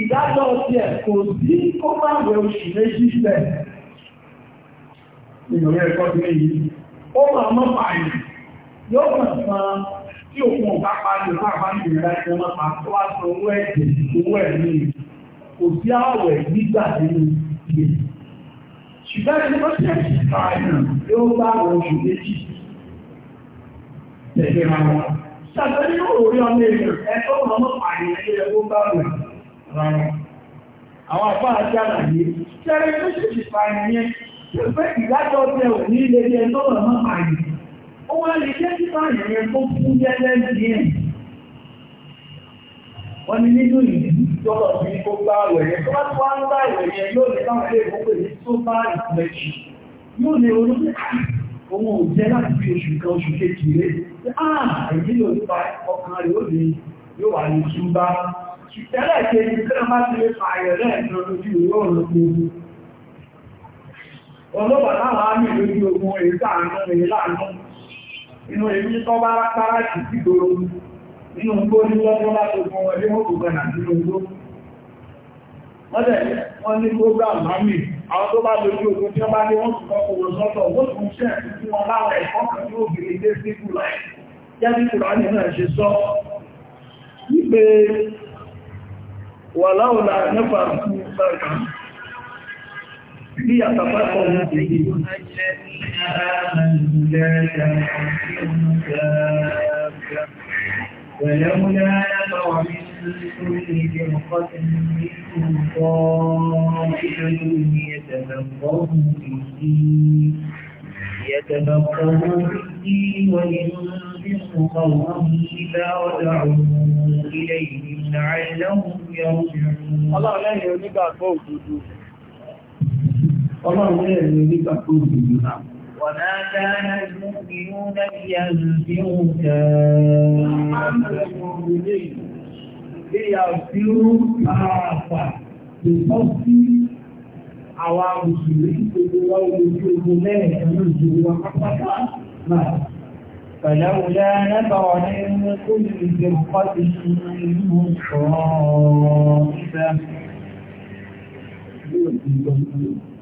ìdájọ́ ti ẹ̀ kò sí kó bá wẹ̀ oṣù méjì bẹ̀ ìròyìn ẹ̀kọ́ tó méjì ó mọ̀ ń lọ́pa ẹ̀mí yóò mọ̀ san tí òkun ọ̀gá parí ọ̀gá parí ìrìnlẹ̀ ẹ̀sẹ̀ wọn pa tó wá san owó ẹ̀jẹ̀ owó ẹ̀mí kò sí àwẹ̀ gbígbà nínú ìgbè ṣùgbọ́n ẹni bá àwọn oṣù tẹ̀lé Àwọn àpá àti àlàyé, ṣẹ́rẹ́ tó ṣe ṣe pààyàn yẹn, tó fẹ́ ìdájọ́ tẹ ò ní ilé ẹgbẹ́ ẹgbẹ́ ọmọ pààyàn. Ó wá lè jẹ́ sí pààyàn yẹn tó kú jẹ́jẹ́ díẹ̀. Wọ́n ní nínú ìlú Tó bá tó ọmọ òjẹ́ láti oṣù kan oṣù kejì rẹ̀ ah, àà ìdílò nípa ọkàn rẹ̀ ó lè yóò wà ní ṣúgbá tẹ́lẹ̀ kejì tí wọ́n bá ti lè fààyẹ̀ lẹ́ẹ̀kan lójú ìwé ọ̀rọ̀ wọ́n dẹ̀ wọ́n ní program mami àwọn tó bá lójú ogun tí wọ́n bá ní wọ́n tún kọ́kọ́ wọ sọ́tọ̀ wọ́n tún ṣẹ́ fún wọn láwọn ẹ̀kọ́ kan tí ó bèèrè dé sí kùlá jẹ́ bí kùlá ní náà ṣe sọ wípé wà láwùlà nípa fún ìgbàgbà bí àtàpá kan ní ìdí ولولا نفر من كل فرقة منهم طائفة يتفقهوا في الدين يتفقهوا في الدين وينذروا قومهم إذا رجعوا إليهم لعلهم يرجعون. الله لا يهديك فوق Ọlọ́run ní ẹ̀rọ nígbà tó dùn náà. وما كان المؤمنون لينفروا كافة بفضل àwọn amùsùlùmí gbogbo wa ojú ogun lẹ́ẹ̀kan ní ìṣòro wa فلولا نفر من كل فرقة منهم طائفة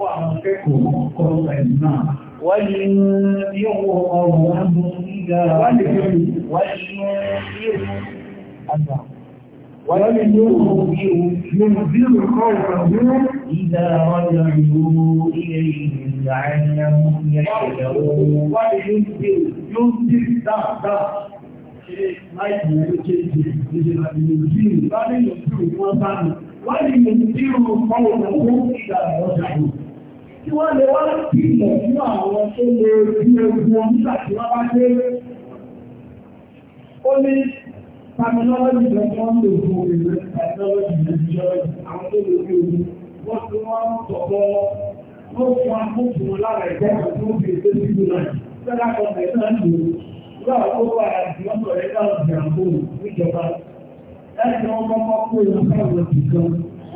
fún àwọn akẹ́kọ̀ọ́ kọ́lọ́pàá ẹ̀mí náà. Wọ́n yí yóò ọrọ̀ ààbò gíga. Wọ́n lè fi wọ́n yí yóò àgbà. Wọ́n lè yóò yóò bí olùkọ́ ìrọ̀lú ìdá ọjọ́ ìlú ilé ṣe láìpẹ́ ló kéde ìjọba ìlú ìbáraẹ̀yọ̀ tí òun wọ́n bá mi. Wọ́n lè yóò bí olùkọ́ ìrọ̀lú ìdá tí wọ́n lè wá láti mọ̀ fún àwọn tó lè fi egun wọn nígbà tí wọ́n bá dé. Ó ní terminology lọ tí wọ́n lè fún ìwé terminology lẹ́jọ́ àwọn tó lè fi egun wọ́n tí wọ́n sọ̀rọ̀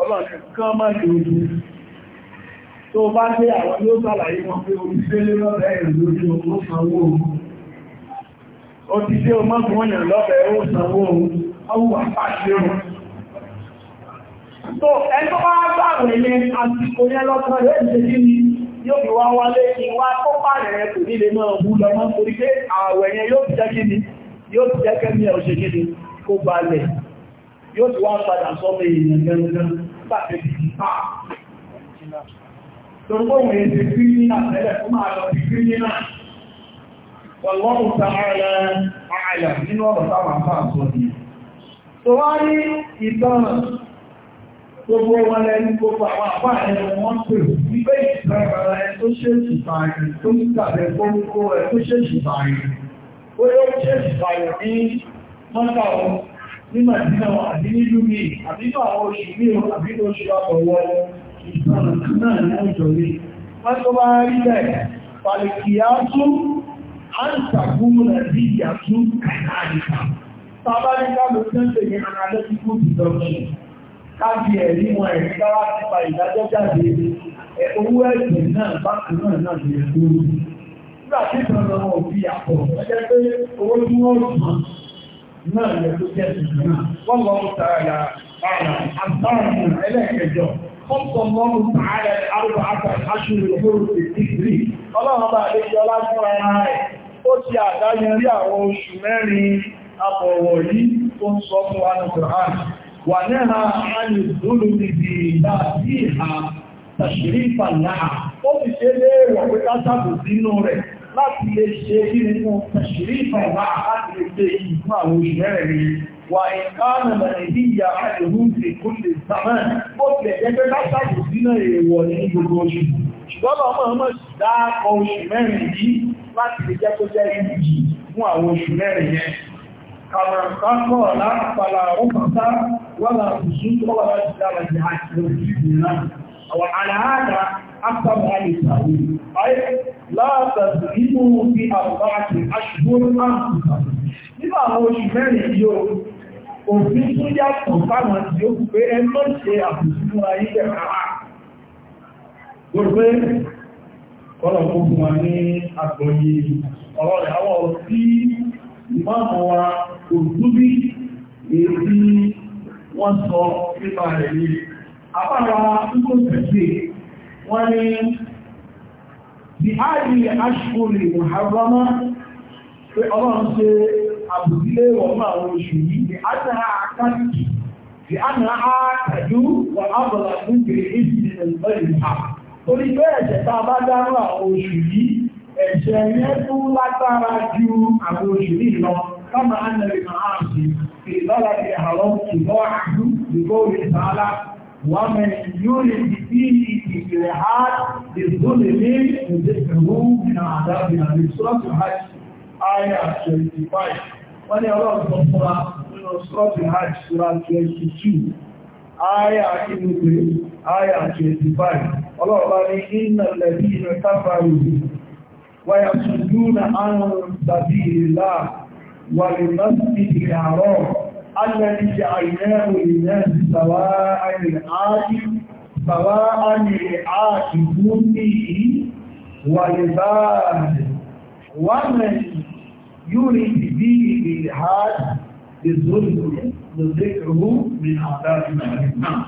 ọlọ́run kan mọ́ ní ojú tó bá dé àwọn yóò sàlàyé wọn pé oríṣẹ́lé lọ́rẹ̀ ìlójú ó sanwó ohun ó ti o mọ́kún wọ́n yàn lọ́rẹ̀ ó sanwó ohun ọwọ́ àpáṣẹ́ ohun tó ẹgbọ́ wá gbàrùn ilé àsìkò yẹn lọ́kàn yóò ti dé ní yóò fi wá wálé kí wá tó pààrẹ̀ rẹ̀ kò nílé náà wú lọ mọ́ torí pé ààwẹ̀ yẹn yóò ti jẹ́ kí ni yóò ti jẹ́ kẹ́mi ẹ̀ òṣèkí ni yóò ti wá padà sọ́mọ èèyàn gẹ́gẹ́ pàtẹ́ ti pa torípọ̀wọ̀n èdè kírínà tẹ́lẹ̀ fún máa lọ sí kírínà wọ̀lọ́rùn tààrà ààyà gbogbo wọn lẹ́nu gbogbo àwọn àpá ẹ̀rọ wọn pè wípé ìtàn ara ẹ tó ṣèṣì báyìí tó ń tàbẹ̀ gbogbo ẹ tó ṣèṣì báyìí ó yóò ṣèṣì báyìí ní mọ́tàwọn nígbà tí àwọn àti nílú mi àbínú àwọn oṣù ní àbínú oṣù àbọ̀wọ̀ ìtàn náà ní ọjọ́ rí wọ́n tó bá rí bẹ́ẹ̀ pàlìkìyà tún àǹtàkùnmù nàbí ìyàtú kàdáríkà tàbáríkà ló tẹ́lẹ̀ ní analytical deduction káàkiri ẹ̀rí wọn ẹ̀rí kára ti pa ìdájọ́ jáde owó ẹ̀jẹ̀ náà bákan náà náà lè tó nígbà tí ìtàn náà wọ́n fi àpọ̀ ẹgbẹ́ pé owó tí wọ́n rùn náà yẹ tó jẹ́ tuntun náà wọ́n lọ mú tààlà ààrà àtàrùn ẹlẹ́ẹ̀kẹjọ wọ́n sọ mọ́ mú tààlà àrùbà àtà aṣùrù ìhòòrò ìdíkìrì ọlọ́run bá àlejò ọlá fún ara rẹ̀ ó ti àdáyẹrí àwọn oṣù mẹ́rin àbọ̀wọ̀ láti lè ṣe nínú ṣìrí ìfàìmá láti lè ṣe yìí fún àwọn òṣìṣẹ́ rẹ̀ wà ìkáàmù nàìjíríà àìrùn ti kúlẹ̀ sàmán ó ti ẹ̀jẹ́ látàkù sínú èèwọ̀ ní gbogbo oṣù ṣùgbọ́n ọmọ ọmọ dáàkọ oṣù mẹ́rin yìí láti وعلى هذا أكثر أهل التأويل أي لا تظلموا في أربعة أشهر أنفسكم nígbà àwọn oṣù mẹ́rin yóò òfin tó yàtọ̀ fáwọn tí ó pé ẹ mọ́ ṣe àbùsùn ayé bẹ̀rẹ̀ àá gbogbo kọ́lọ̀ wọ́n sọ nípa rẹ̀ yìí àbára ikú tẹ̀sí wọ́n ní di áàrí aṣòrì mọ̀hárámá pé ọlọ́run ṣe àbùdílé wọ̀n mọ́ àwọn oṣù yìí di ádàá àkáǹtì di ánà àkàjú wà ábọ̀lá fún kèrè ìsìn ẹ̀lẹ́yìn torí pé ẹ̀ṣẹ̀ tá a bá dárú àwọn oṣù yìí ẹ̀ṣẹ̀ yẹn tó lágbára ju àwọn oṣù yìí lọ kama ánà lè máa ṣe ìlọ́lá ti àrọ́ ìlọ́ àdú ìgbó ìtàlá ومن يولد فيه إجراحات بالظلم يذكره من عذابنا من سورة الحج آية 25 wọ́n ní ọlọ́run tó fúnra nínú sọ́ọ̀tì hajj sura 22 آية ìlúgbé آية 25 ọlọ́run bá ní iná lẹ́bí inú káfàrù wáyà tuntun náà àrùn tàbí ìlà wà lè mọ́sí ìdìkà rọ̀ọ̀ الذي جعلناه للناس سواء العاقل سواء العاقل فيه والباد ومن يريد به بالهاد بالظلم نذكره من عذاب نعم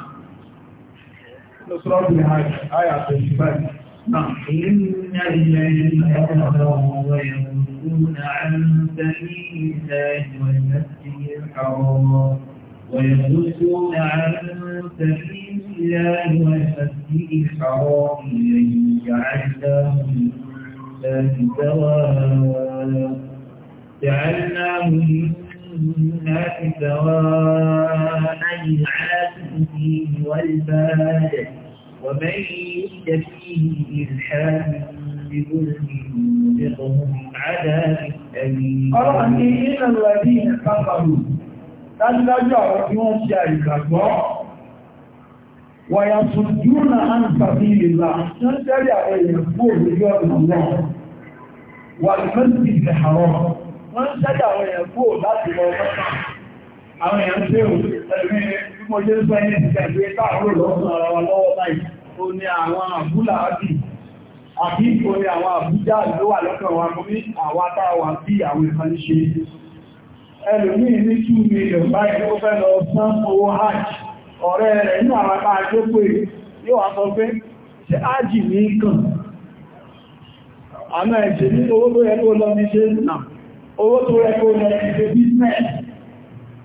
نصرات الهاد آية الشباب إن الذين كفروا ويصدون عن سبيل والمسجد الحرام ويصدون عن سبيل الله والمسجد الحرام الذي جعلناه للناس سواء جعلناه للناس سواء العاكف فيه ومن فيه الحال بظلم نذقه من عذاب أليم قال أني إن الذين كفروا أن لا يوم شارك الله ويصدون عن سبيل الله شنو شارع يقول رجوع من الله والمسجد الحرام وان شجع ويقول لا تبغى أنا يمسيه تلميه مجلسة يمسيه تحرر الله والله طيب o ní àwọn àbúlà àbí àbí o ní àwọn àbújá ló wà lọ́kàn wa mú ní àwátá wa bí àwọn ìkan ṣe Ẹlùmí ní 2 million báyìí ó fẹ́ lọ san owó hajj ọ̀rẹ́ rẹ̀ ní àwọn apá àjọ́pọ̀ yóò wá sọ pé ṣe hajj ní kàn ẹ̀ṣẹ̀ ní owó tó yẹ kó lọ ní ṣe nà owó tó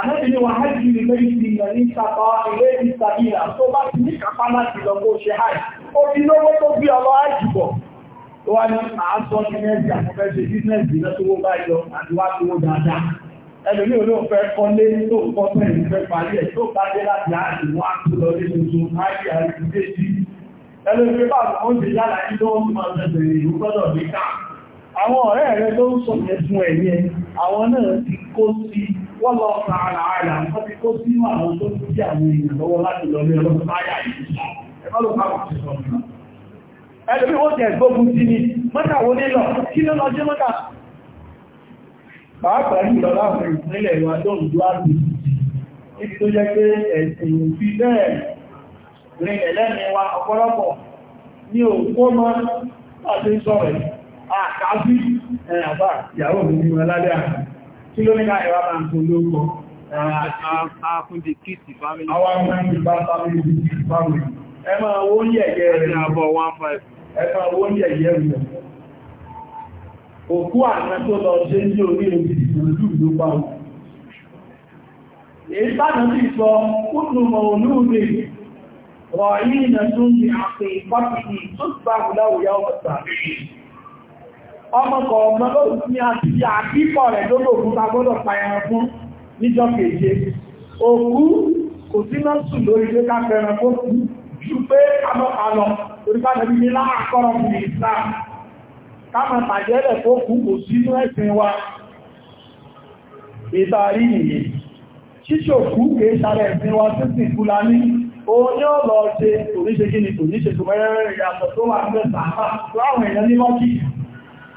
Ànábì wa hajji ní pé ìdí ìyàn ní sàtọ̀ ilé ìsàmìlà tó bá ti ní kàpá láti lọ bó ṣe hajj. Ó fi lówó tó bí ọlọ́ hajj bọ̀. Ó wá ní àásọ ní mẹ́jì àkọ́fẹ́ ṣe bísínẹ́sì lọ́tọ́wọ́ báyìí lọ àti wá tó dáadáa. Ẹlòmí ò lóun fẹ́ kọ́lé tó kọ́ pẹ̀lú fẹ́ parí ẹ̀ tó bá dé láti hajj wọn á tó lọ lé tuntun hajj àti déjì. Ẹlòmí pé báwo ó ṣe yára kí ló ń máa tẹ̀sẹ̀ ìlú gbọ́dọ̀ ní ká. Àwọn ọ̀rẹ́ rẹ ló ń sọ̀rọ̀ fún ẹ̀yẹ, àwọn náà ti kó sí wọ́n lọ ara tó ó jẹ́ gbógun sí ni mọ́ta wo kí ló mọ́ta pàápàá ní ìlọ́lá àwọn ìpínlẹ̀ ìwà tó ń dúwà tó jẹ́ pé ẹ̀sìn fi kí ló nígbà ẹwà máa ń tó lóòkọ́ àkúndì kìtì fámílì àwọn akúndì bá fámílì ẹ máa wó ní ẹ̀yẹ rẹ̀ àbọ̀ 15 ẹ máa wó ní ẹ̀yẹ rẹ̀ òkú àmà tó lọ ṣe ní orí orí ìlú ló pa ò ìbánu ti sọ kúrò mọ̀ olóòrè rọ̀ yìí na tó ń di àpè ìpápìlì tó gbà ọmọ kọ̀ọ̀mọ́ ló ní àti àkíkọ̀ rẹ̀ tó lò fún tagbọ́dọ̀ pàyàrán fún níjọ́ keje òkú kò sí náà sùn lórí pé ká fẹ́ràn tó kú ju pé amọ́ta lọ torí bá tẹ̀lé ní láàkọ́rọ̀ fún ìsá káàmà tàjẹ́lẹ̀ tó kú kò sínú ẹ̀sìn wa ìtàrí ìyẹ̀ ṣíṣòkú kèé sàrẹ̀ ẹ̀sìn wa sí sí o ní ọ̀lọ́ ṣe kò ní ṣe kí ni kò ní ṣe tó mẹ́rẹ́rẹ́ ìyàtọ̀ tó wà ń bẹ̀ sàáfà láwọn èèyàn ní mọ́kì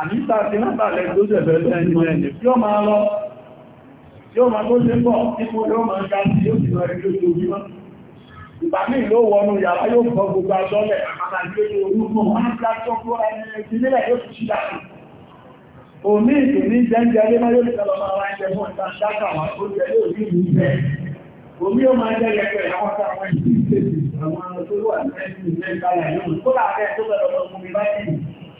àníta ti látàlẹ̀ tó jẹ̀bẹ̀ ẹni ẹni tí ó máa lọ tí ó máa tó ṣe pọ̀ nípo yóò máa ga sí yóò sì rẹ̀ lójú ojúmọ́ ìgbà míì ló wọnú yàrá yóò fọ gbogbo aṣọ́lẹ̀ àtàlẹ́ orúkọ wọn á gbá tó kó ra ẹni ẹni nílẹ̀ yóò sì ṣídà òní ìtòní jẹ́jẹ́ lé máa yóò ti tẹ́lọ máa wáyé jẹ fún ìta ṣáka wọn ó jẹ yóò rí ìlú bẹ́ẹ̀ omi ó máa jẹ́ yẹpẹ̀ àwọn táwọn ìdí ìgbésì àwọn tó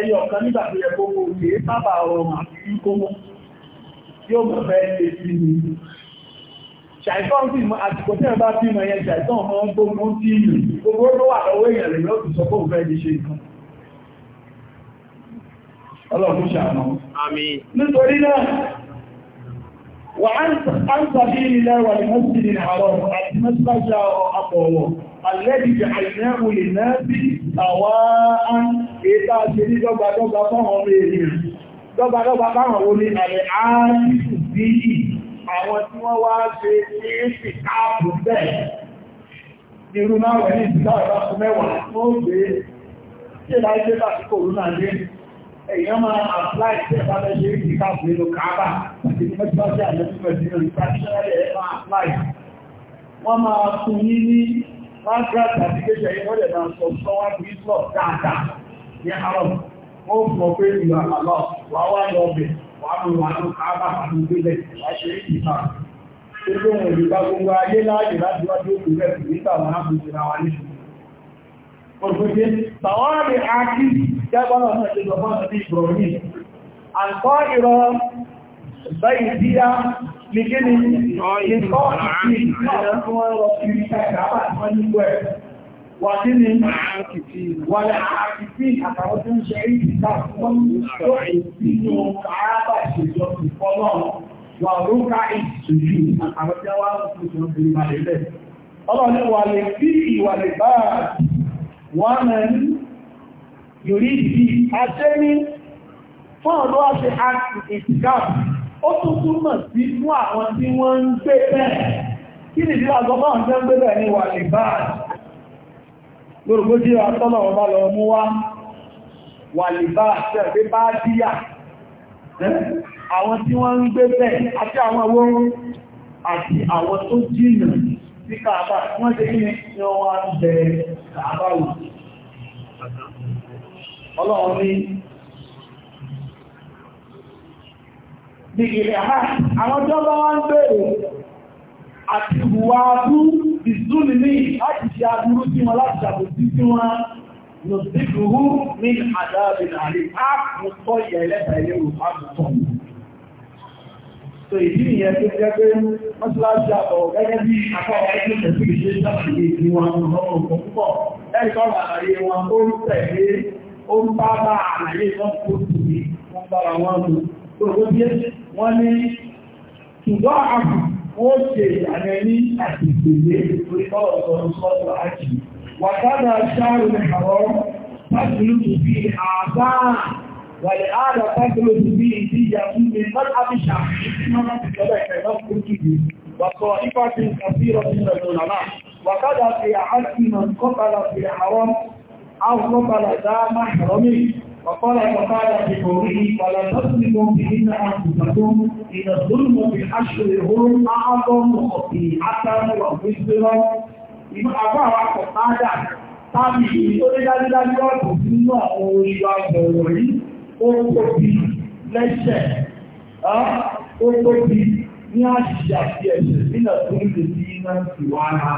ẹyọ ọ̀kan nígbà tó yẹ gbogbo òkè sábà ọrọ̀ àti kómọ́ yóò mọ̀ fẹ́ lè sí ni ṣàìsàn sí mọ́ àtìkò tí bá bí mọ̀ yẹn ṣàìsàn mọ́ gbogbo tí ìlú gbogbo ló wà lọ́wọ́ èèyàn lè lọ́tù sọ pé òfẹ́ ṣe nǹkan ọlọ́run ṣàmọ́ nítorí náà wà á ń sàbí ilẹ̀ wà ní mọ́sílẹ̀ àwọn àti mọ́sílẹ̀ àpọ̀ ọ̀wọ̀ alẹ́dìjẹ̀ àìyànwò lè náà sí àwọn ètà ṣe ní dọ́gbàdọ́gbà fáwọn ọmọ ènìyàn dọ́gbàdọ́gbà fáwọn wo ni àrẹ ààrùn sí àwọn tí wọ́n wá ṣe ní èsì káàbù bẹ́ẹ̀ irú náà rẹ̀ ní ìsìnká ìbáṣọ mẹ́wàá tó gbé ṣe láì ṣe láti kò rúnà ní èèyàn máa apply sí ẹ̀bá lẹ́ṣe ìsìnká ìlú káàbà àti mẹ́tíwájú àlẹ́sùn mẹ́tíwájú ìsìnká ìṣẹ́lẹ̀ ẹ̀ máa apply wọ́n máa fún yí ní contract application yìí wọ́n lè máa sọ sọ́wọ́ bí ìsọ̀ dáadáa ní àárọ̀ ó mọ̀ pé ìlú àlọ́ wà wá lọ bẹ̀ wà á mọ̀ wà á mọ̀ káàbà àti ìgbélẹ̀ wà á ṣe é ìta tó ló ń rí bá gbogbo ayé láàyè láti wájú òkú rẹ̀ sí nígbà wọn á fi jìnnà wa níṣù. Òṣèlú bàwọ́ rẹ̀ á kí jágbọ́nà náà ṣe lọ fún àti ìbùrọ̀ yìí. Àǹkọ́ ìrọ̀ bẹ́ẹ̀ Nìkíni, ìkọ́ ìrìnà fún ọrọ̀ ìrìnà ìjàmbá àwọn ìlú ẹ̀. Wà kí ni, wà láàkìtì àtàwọn tó ń ṣe rí ìta fún ọjọ́ ìpínú àábà ìṣèjọ ìfọ́nà wà rúkà ìṣòjú àtàwọn tí wá ń fún ìṣòjú ìmàlẹ́lẹ̀. Ọlọ́ni wà lè fi ìwà lè bá wọ́n mẹ́rin yorí ìdí àṣẹ́ ní fún ọ̀dọ́ àṣẹ àti ìtìkáàbù ó tún túmọ̀ sí fún àwọn tí wọ́n ń gbé bẹ́ẹ̀ kí nìdí àgbọ́gbọ́ àwọn tí wọ́n ń gbé bẹ́ẹ̀ ní wà ní báyìí lórúkó jí àtọ́lọ̀ ọba lọ mú wá wà ní báyìí bá díyà àwọn tí wọ́n ń gbé bẹ́ẹ̀ àti àwọn owó àti àwọn tó jìnà sí kààbà wọ́n jẹ́ kí ni wọ́n wá ń bẹ̀rẹ̀ kààbà bí ilẹ̀ ha àwọn tó bá wá ń bèèrè àti ìwà abú ìsúnni ní láti ṣe aburú tí wọn láti ṣàbòsí tí wọn lò sí ìrú ní àdáàbìn àrí àkùnkọ́ ìyẹ̀ ẹlẹ́ta ilé òpáàkùnkọ́ so ìdí ìyẹn tó jẹ́ pé mọ́síláṣí àbọ̀ gẹ́gẹ́ bí akọ́ ẹgbẹ́ tẹ̀sí ìṣẹ́ ìṣàkìlẹ̀ ìdí wọn lọ́rùn púpọ̀ ẹ̀kọ́ àlàyé wọn ó ń tẹ̀lé ó ń bá bá àlàyé ìṣọ́pù tó ti wọ́n bára wọn lò tó ó bí wọ́n ní ṣùgbọ́n àpù ó ṣe ìyànẹ́ ní àtìgbèlé orí ọ̀rọ̀ sọ́tọ̀ àjì wàtàdà ṣáàrù ẹ̀rọ pàtàkì bí àbá wàlẹ̀ ààrẹ pàtàkì bí ìdíjà fún mi mọ́lábíṣà وطائفة كثيرة من العلماء وقد في عدل من قتل في حرام أو قتل ذا محرمي وقال تعالى في قوله ولا تظلموا بهن انفسكم ان الظلم في الاشهر هم اعظم خطيئه ومسلما ìmọ̀ àbáwá kò ádá tàbí tó lé dájúdájú ọ̀pọ̀ nínú àwọn oṣù àgbẹ̀wò rí ó tóbi lẹ́ṣẹ̀ ó tóbi ní àṣìṣe àti ẹ̀ṣẹ̀ nílẹ̀ tó lè sí iná ìwà ara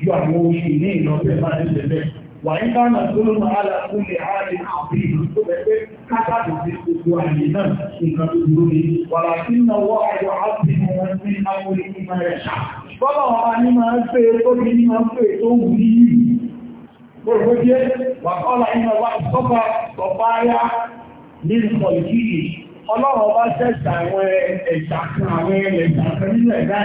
ju àwọn oṣù ní ìlọ́pẹ̀ máa ń ṣẹlẹ̀ wà ń dáná lórí màálà tó lè ààrẹ àbí ìlú tó bẹ̀ pé kákàtò sí gbogbo àyè náà nǹkan tó dúró ní wàrà tí ń náwó àjọ àbí wọn ní àwọn wà kọ́lá iná wa ìsọ́ba ọ̀bá ní ìsọ̀ ìkíyì ọlọ́run ọba àwọn ẹ̀ṣà kan àwọn ẹ̀ṣà kan nílẹ̀ náà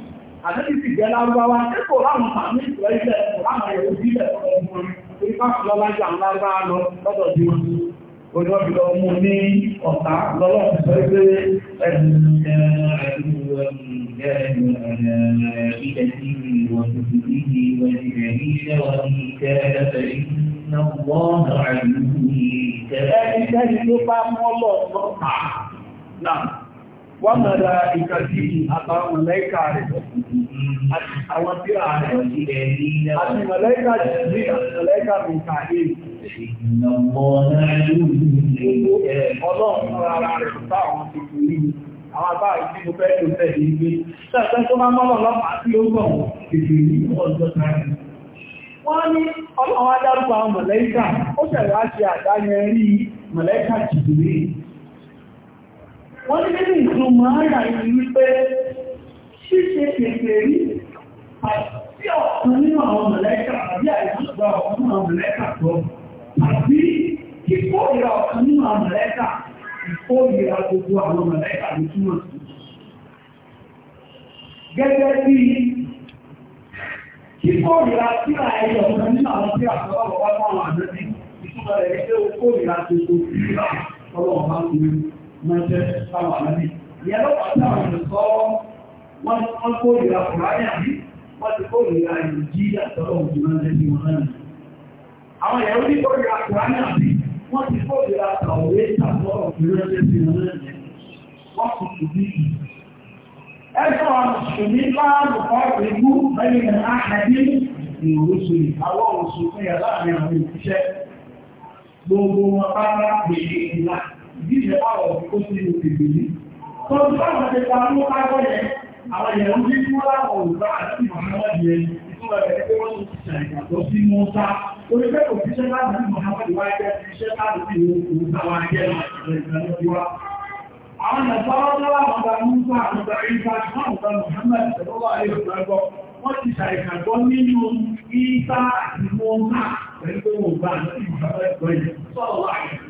àdébí sì jẹ́ lárúbáwá ẹ̀kọ́ láwọn àmì ìtura ilẹ̀ ẹ̀kọ́ láwọn ẹ̀rọ ìbílẹ̀ ọmọ orí fáfù lọ́lá jà ń lárúbá lọ lọ́dọ̀ bí wọn ojú ọ̀bí lọ mú ní ọ̀tá lọ́lọ́ sọ pé ẹ̀rùn ẹ̀rùn ẹ̀rùn ẹ̀rùn wọ́n mọ̀ra ìkàtí àtàwọn mọ̀lẹ́kà rẹ̀ àwọn tí a rẹ̀ àti mọ̀lẹ́kà jìbí mọ̀lẹ́kà mi kàrí ọlọ́run ara rẹ̀ táwọn ti kú ní àwọn àbá ìdí mo fẹ́ tó fẹ́ ní gbé ṣẹ́ẹ̀ṣẹ́ tó máa mọ́lọ̀ lọ́pàá tí ó gbọ̀n kèfè ní wọ́n ní ọlọ́run adárúkọ àwọn mọ̀lẹ́kà ó ṣẹ̀rẹ̀ á ṣe àdáyẹrí mọ̀lẹ́kà jìbìrì wọ́n ní nínú ìtumọ̀ àyà ìlú wípé ṣíṣe kèfè rí àti ọ̀kan nínú àwọn mọ̀lẹ́kà àbí àìsàgbà ọ̀kan nínú àwọn mọ̀lẹ́kà tó àbí kíkórìíra ọ̀kan nínú àwọn mọ̀lẹ́kà ìkórìíra gbogbo àwọn mọ̀lẹ́kà ló túmọ̀ sí. Gẹ́gẹ́ bí kíkórìíra síra ẹyọ ọ̀kan nínú àwọn tí àtọ́wọ́ wá fáwọn àdọ́sí ìtumọ̀ rẹ̀ mọ́jẹ́ sáwọn àmì ìyẹ́lọ́pàá táwọn ìrìnkọ́ wọ́n kó ìrà kùránì àbí wọ́n ti kó ìrà ìrìnjí àtọ́rọ̀ òjìmọ́jẹ́ sí wọn náà àwọn ìyẹ̀wò ní kó ìrà kùránì àbí wọ́n ti kó ìrà kàwé àtọ́rọ̀ òjìmọ́jẹ́ sí wọn náà wọ́n kò kò bí i ẹgbẹ́ wọn ṣùgbọ́n láàrù ọ̀rọ̀ ìgbú lẹ́yìn àkàdé ìrúsù àwọn òṣùpẹ́ gbogbo wọn bá rà pèlè ìlànà ìdí ìyẹn báwọ̀ ó sì ní òkèèrè yìí. Tó ń bá àwọn ẹgbẹ́ àwọn ọmọ kágbọ́ yẹn, àwọn èèyàn ń dín wọ́n láwọn òwúrọ̀ àti Muhammad yẹn, ìtura rẹ̀ pé wọ́n ti ṣàìgbàgbọ́ sí Mọ́sá. Orí pé kò fi ṣẹ́lá àti Muhammad wá jẹ́ ti ṣẹ́ láti fi òkú àwọn ajẹ́ Àwọn ìgbàlọ́wọ́ láwọn ọ̀gá Musa àwọn ọ̀gá Ìfà àwọn ọ̀gá Muhammad ṣẹ̀lọ́wọ́ àyè ìgbàgbọ́. Wọ́n ti ṣàìgbàgbọ́ nínú Ìfà àti Mọ́sá pẹ̀lú pé wọ́n gbà ní ìgbàgbọ́ ìgbàgbọ́ ìgbàgbọ́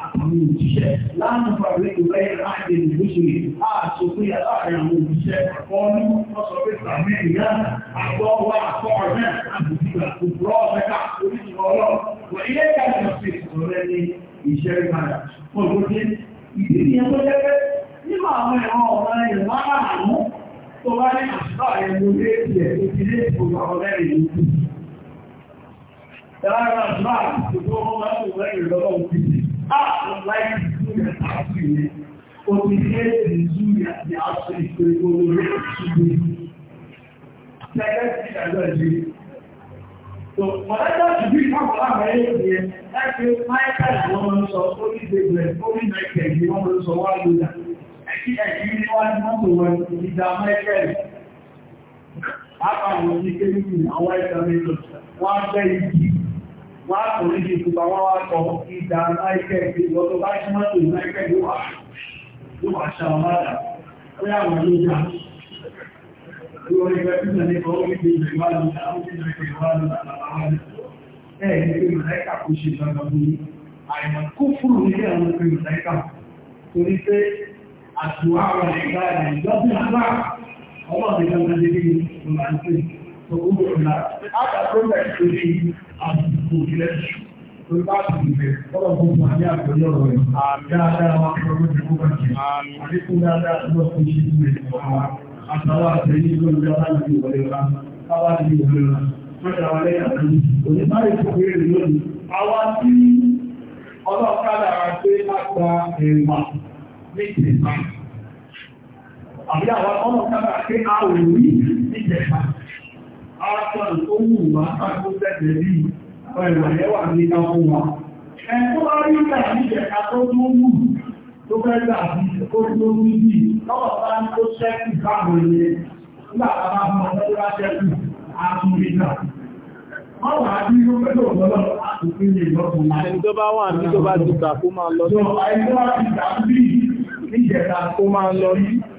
àwọn òṣìṣẹ́ láàrín pàdé àwọn àwọn ọmọ ẹ̀rọ ìlọ́wọ́ òkúté ah, like Julia Ashley, or the head in Julia the Ashley to go to the Second, I got you. So, whatever to be from our area, that is my woman, so only they were only like a woman, so why do that? I think I really want to want to be down my friend. Àpàwọn oníkẹ́ nínú àwọn ìtàmẹ́lò wọ́n bẹ́ ìdí wọ́n á kò rí ju ìtùpà wọ́n wá kọ ìdá láìpẹ́ pé lọ́tọ́ bá ṣe mọ́tò láìpẹ́ ló wà ló wà ṣá ọmọ àdá ó yà wọ́n ló yà ló rí ẹgbẹ́ pínlẹ̀ nípa ó rí ìgbé ìwà ló dá ó rí ìgbé ìwà ló dá àwọn ẹ̀ ní pé mọ̀lẹ́kà kò ṣe gbọ́dọ̀ bí àìmọ̀ kó fúrù nílé àwọn àsìkò ilẹ̀ ṣù torí bá ti ìfẹ́ ọ̀rọ̀ gbogbo àní àgbẹ̀lẹ̀ ọ̀rọ̀ rẹ̀ dáadáa wọn kọ́ ló ti gbogbo jù àdékù dáadáa tí wọ́n fi ṣe ìwé ìwọ̀n àtàwọn àgbẹ̀lẹ̀ lórí ọ̀rọ̀ àti ìwọlé wa táwa ti ìwọlé wa mọ́ta wọn lẹ́yìn àtàlù òní má lè fòkè rè lónìí àwa tí ọlọ́kadà àti àgbà ẹ̀wà ní ìjẹ̀fà àbí àwọn ọlọ́kadà àti àwòrí ní ìjẹ̀fà arákùnrin tó wù wá sáàkó tẹ́tẹ̀ bí ọ̀rọ̀ ẹ̀wà ní káfún wa ẹ̀kọ́ bá rí ìgbà níjẹ̀ ká tó tó wù tó fẹ́ gbà bí kó tó wù bí lọ́wọ́ bá ń tó ṣẹ́kù káàbọ̀ ilé nígbà tá a bá mọ ọjọ́ bá ṣẹ́kù àtúnbíkà Ẹni tó bá wà ní tó bá dùkà kó máa lọ sí. Ẹni tó bá dùkà bí ìjẹta kó máa lọ sí.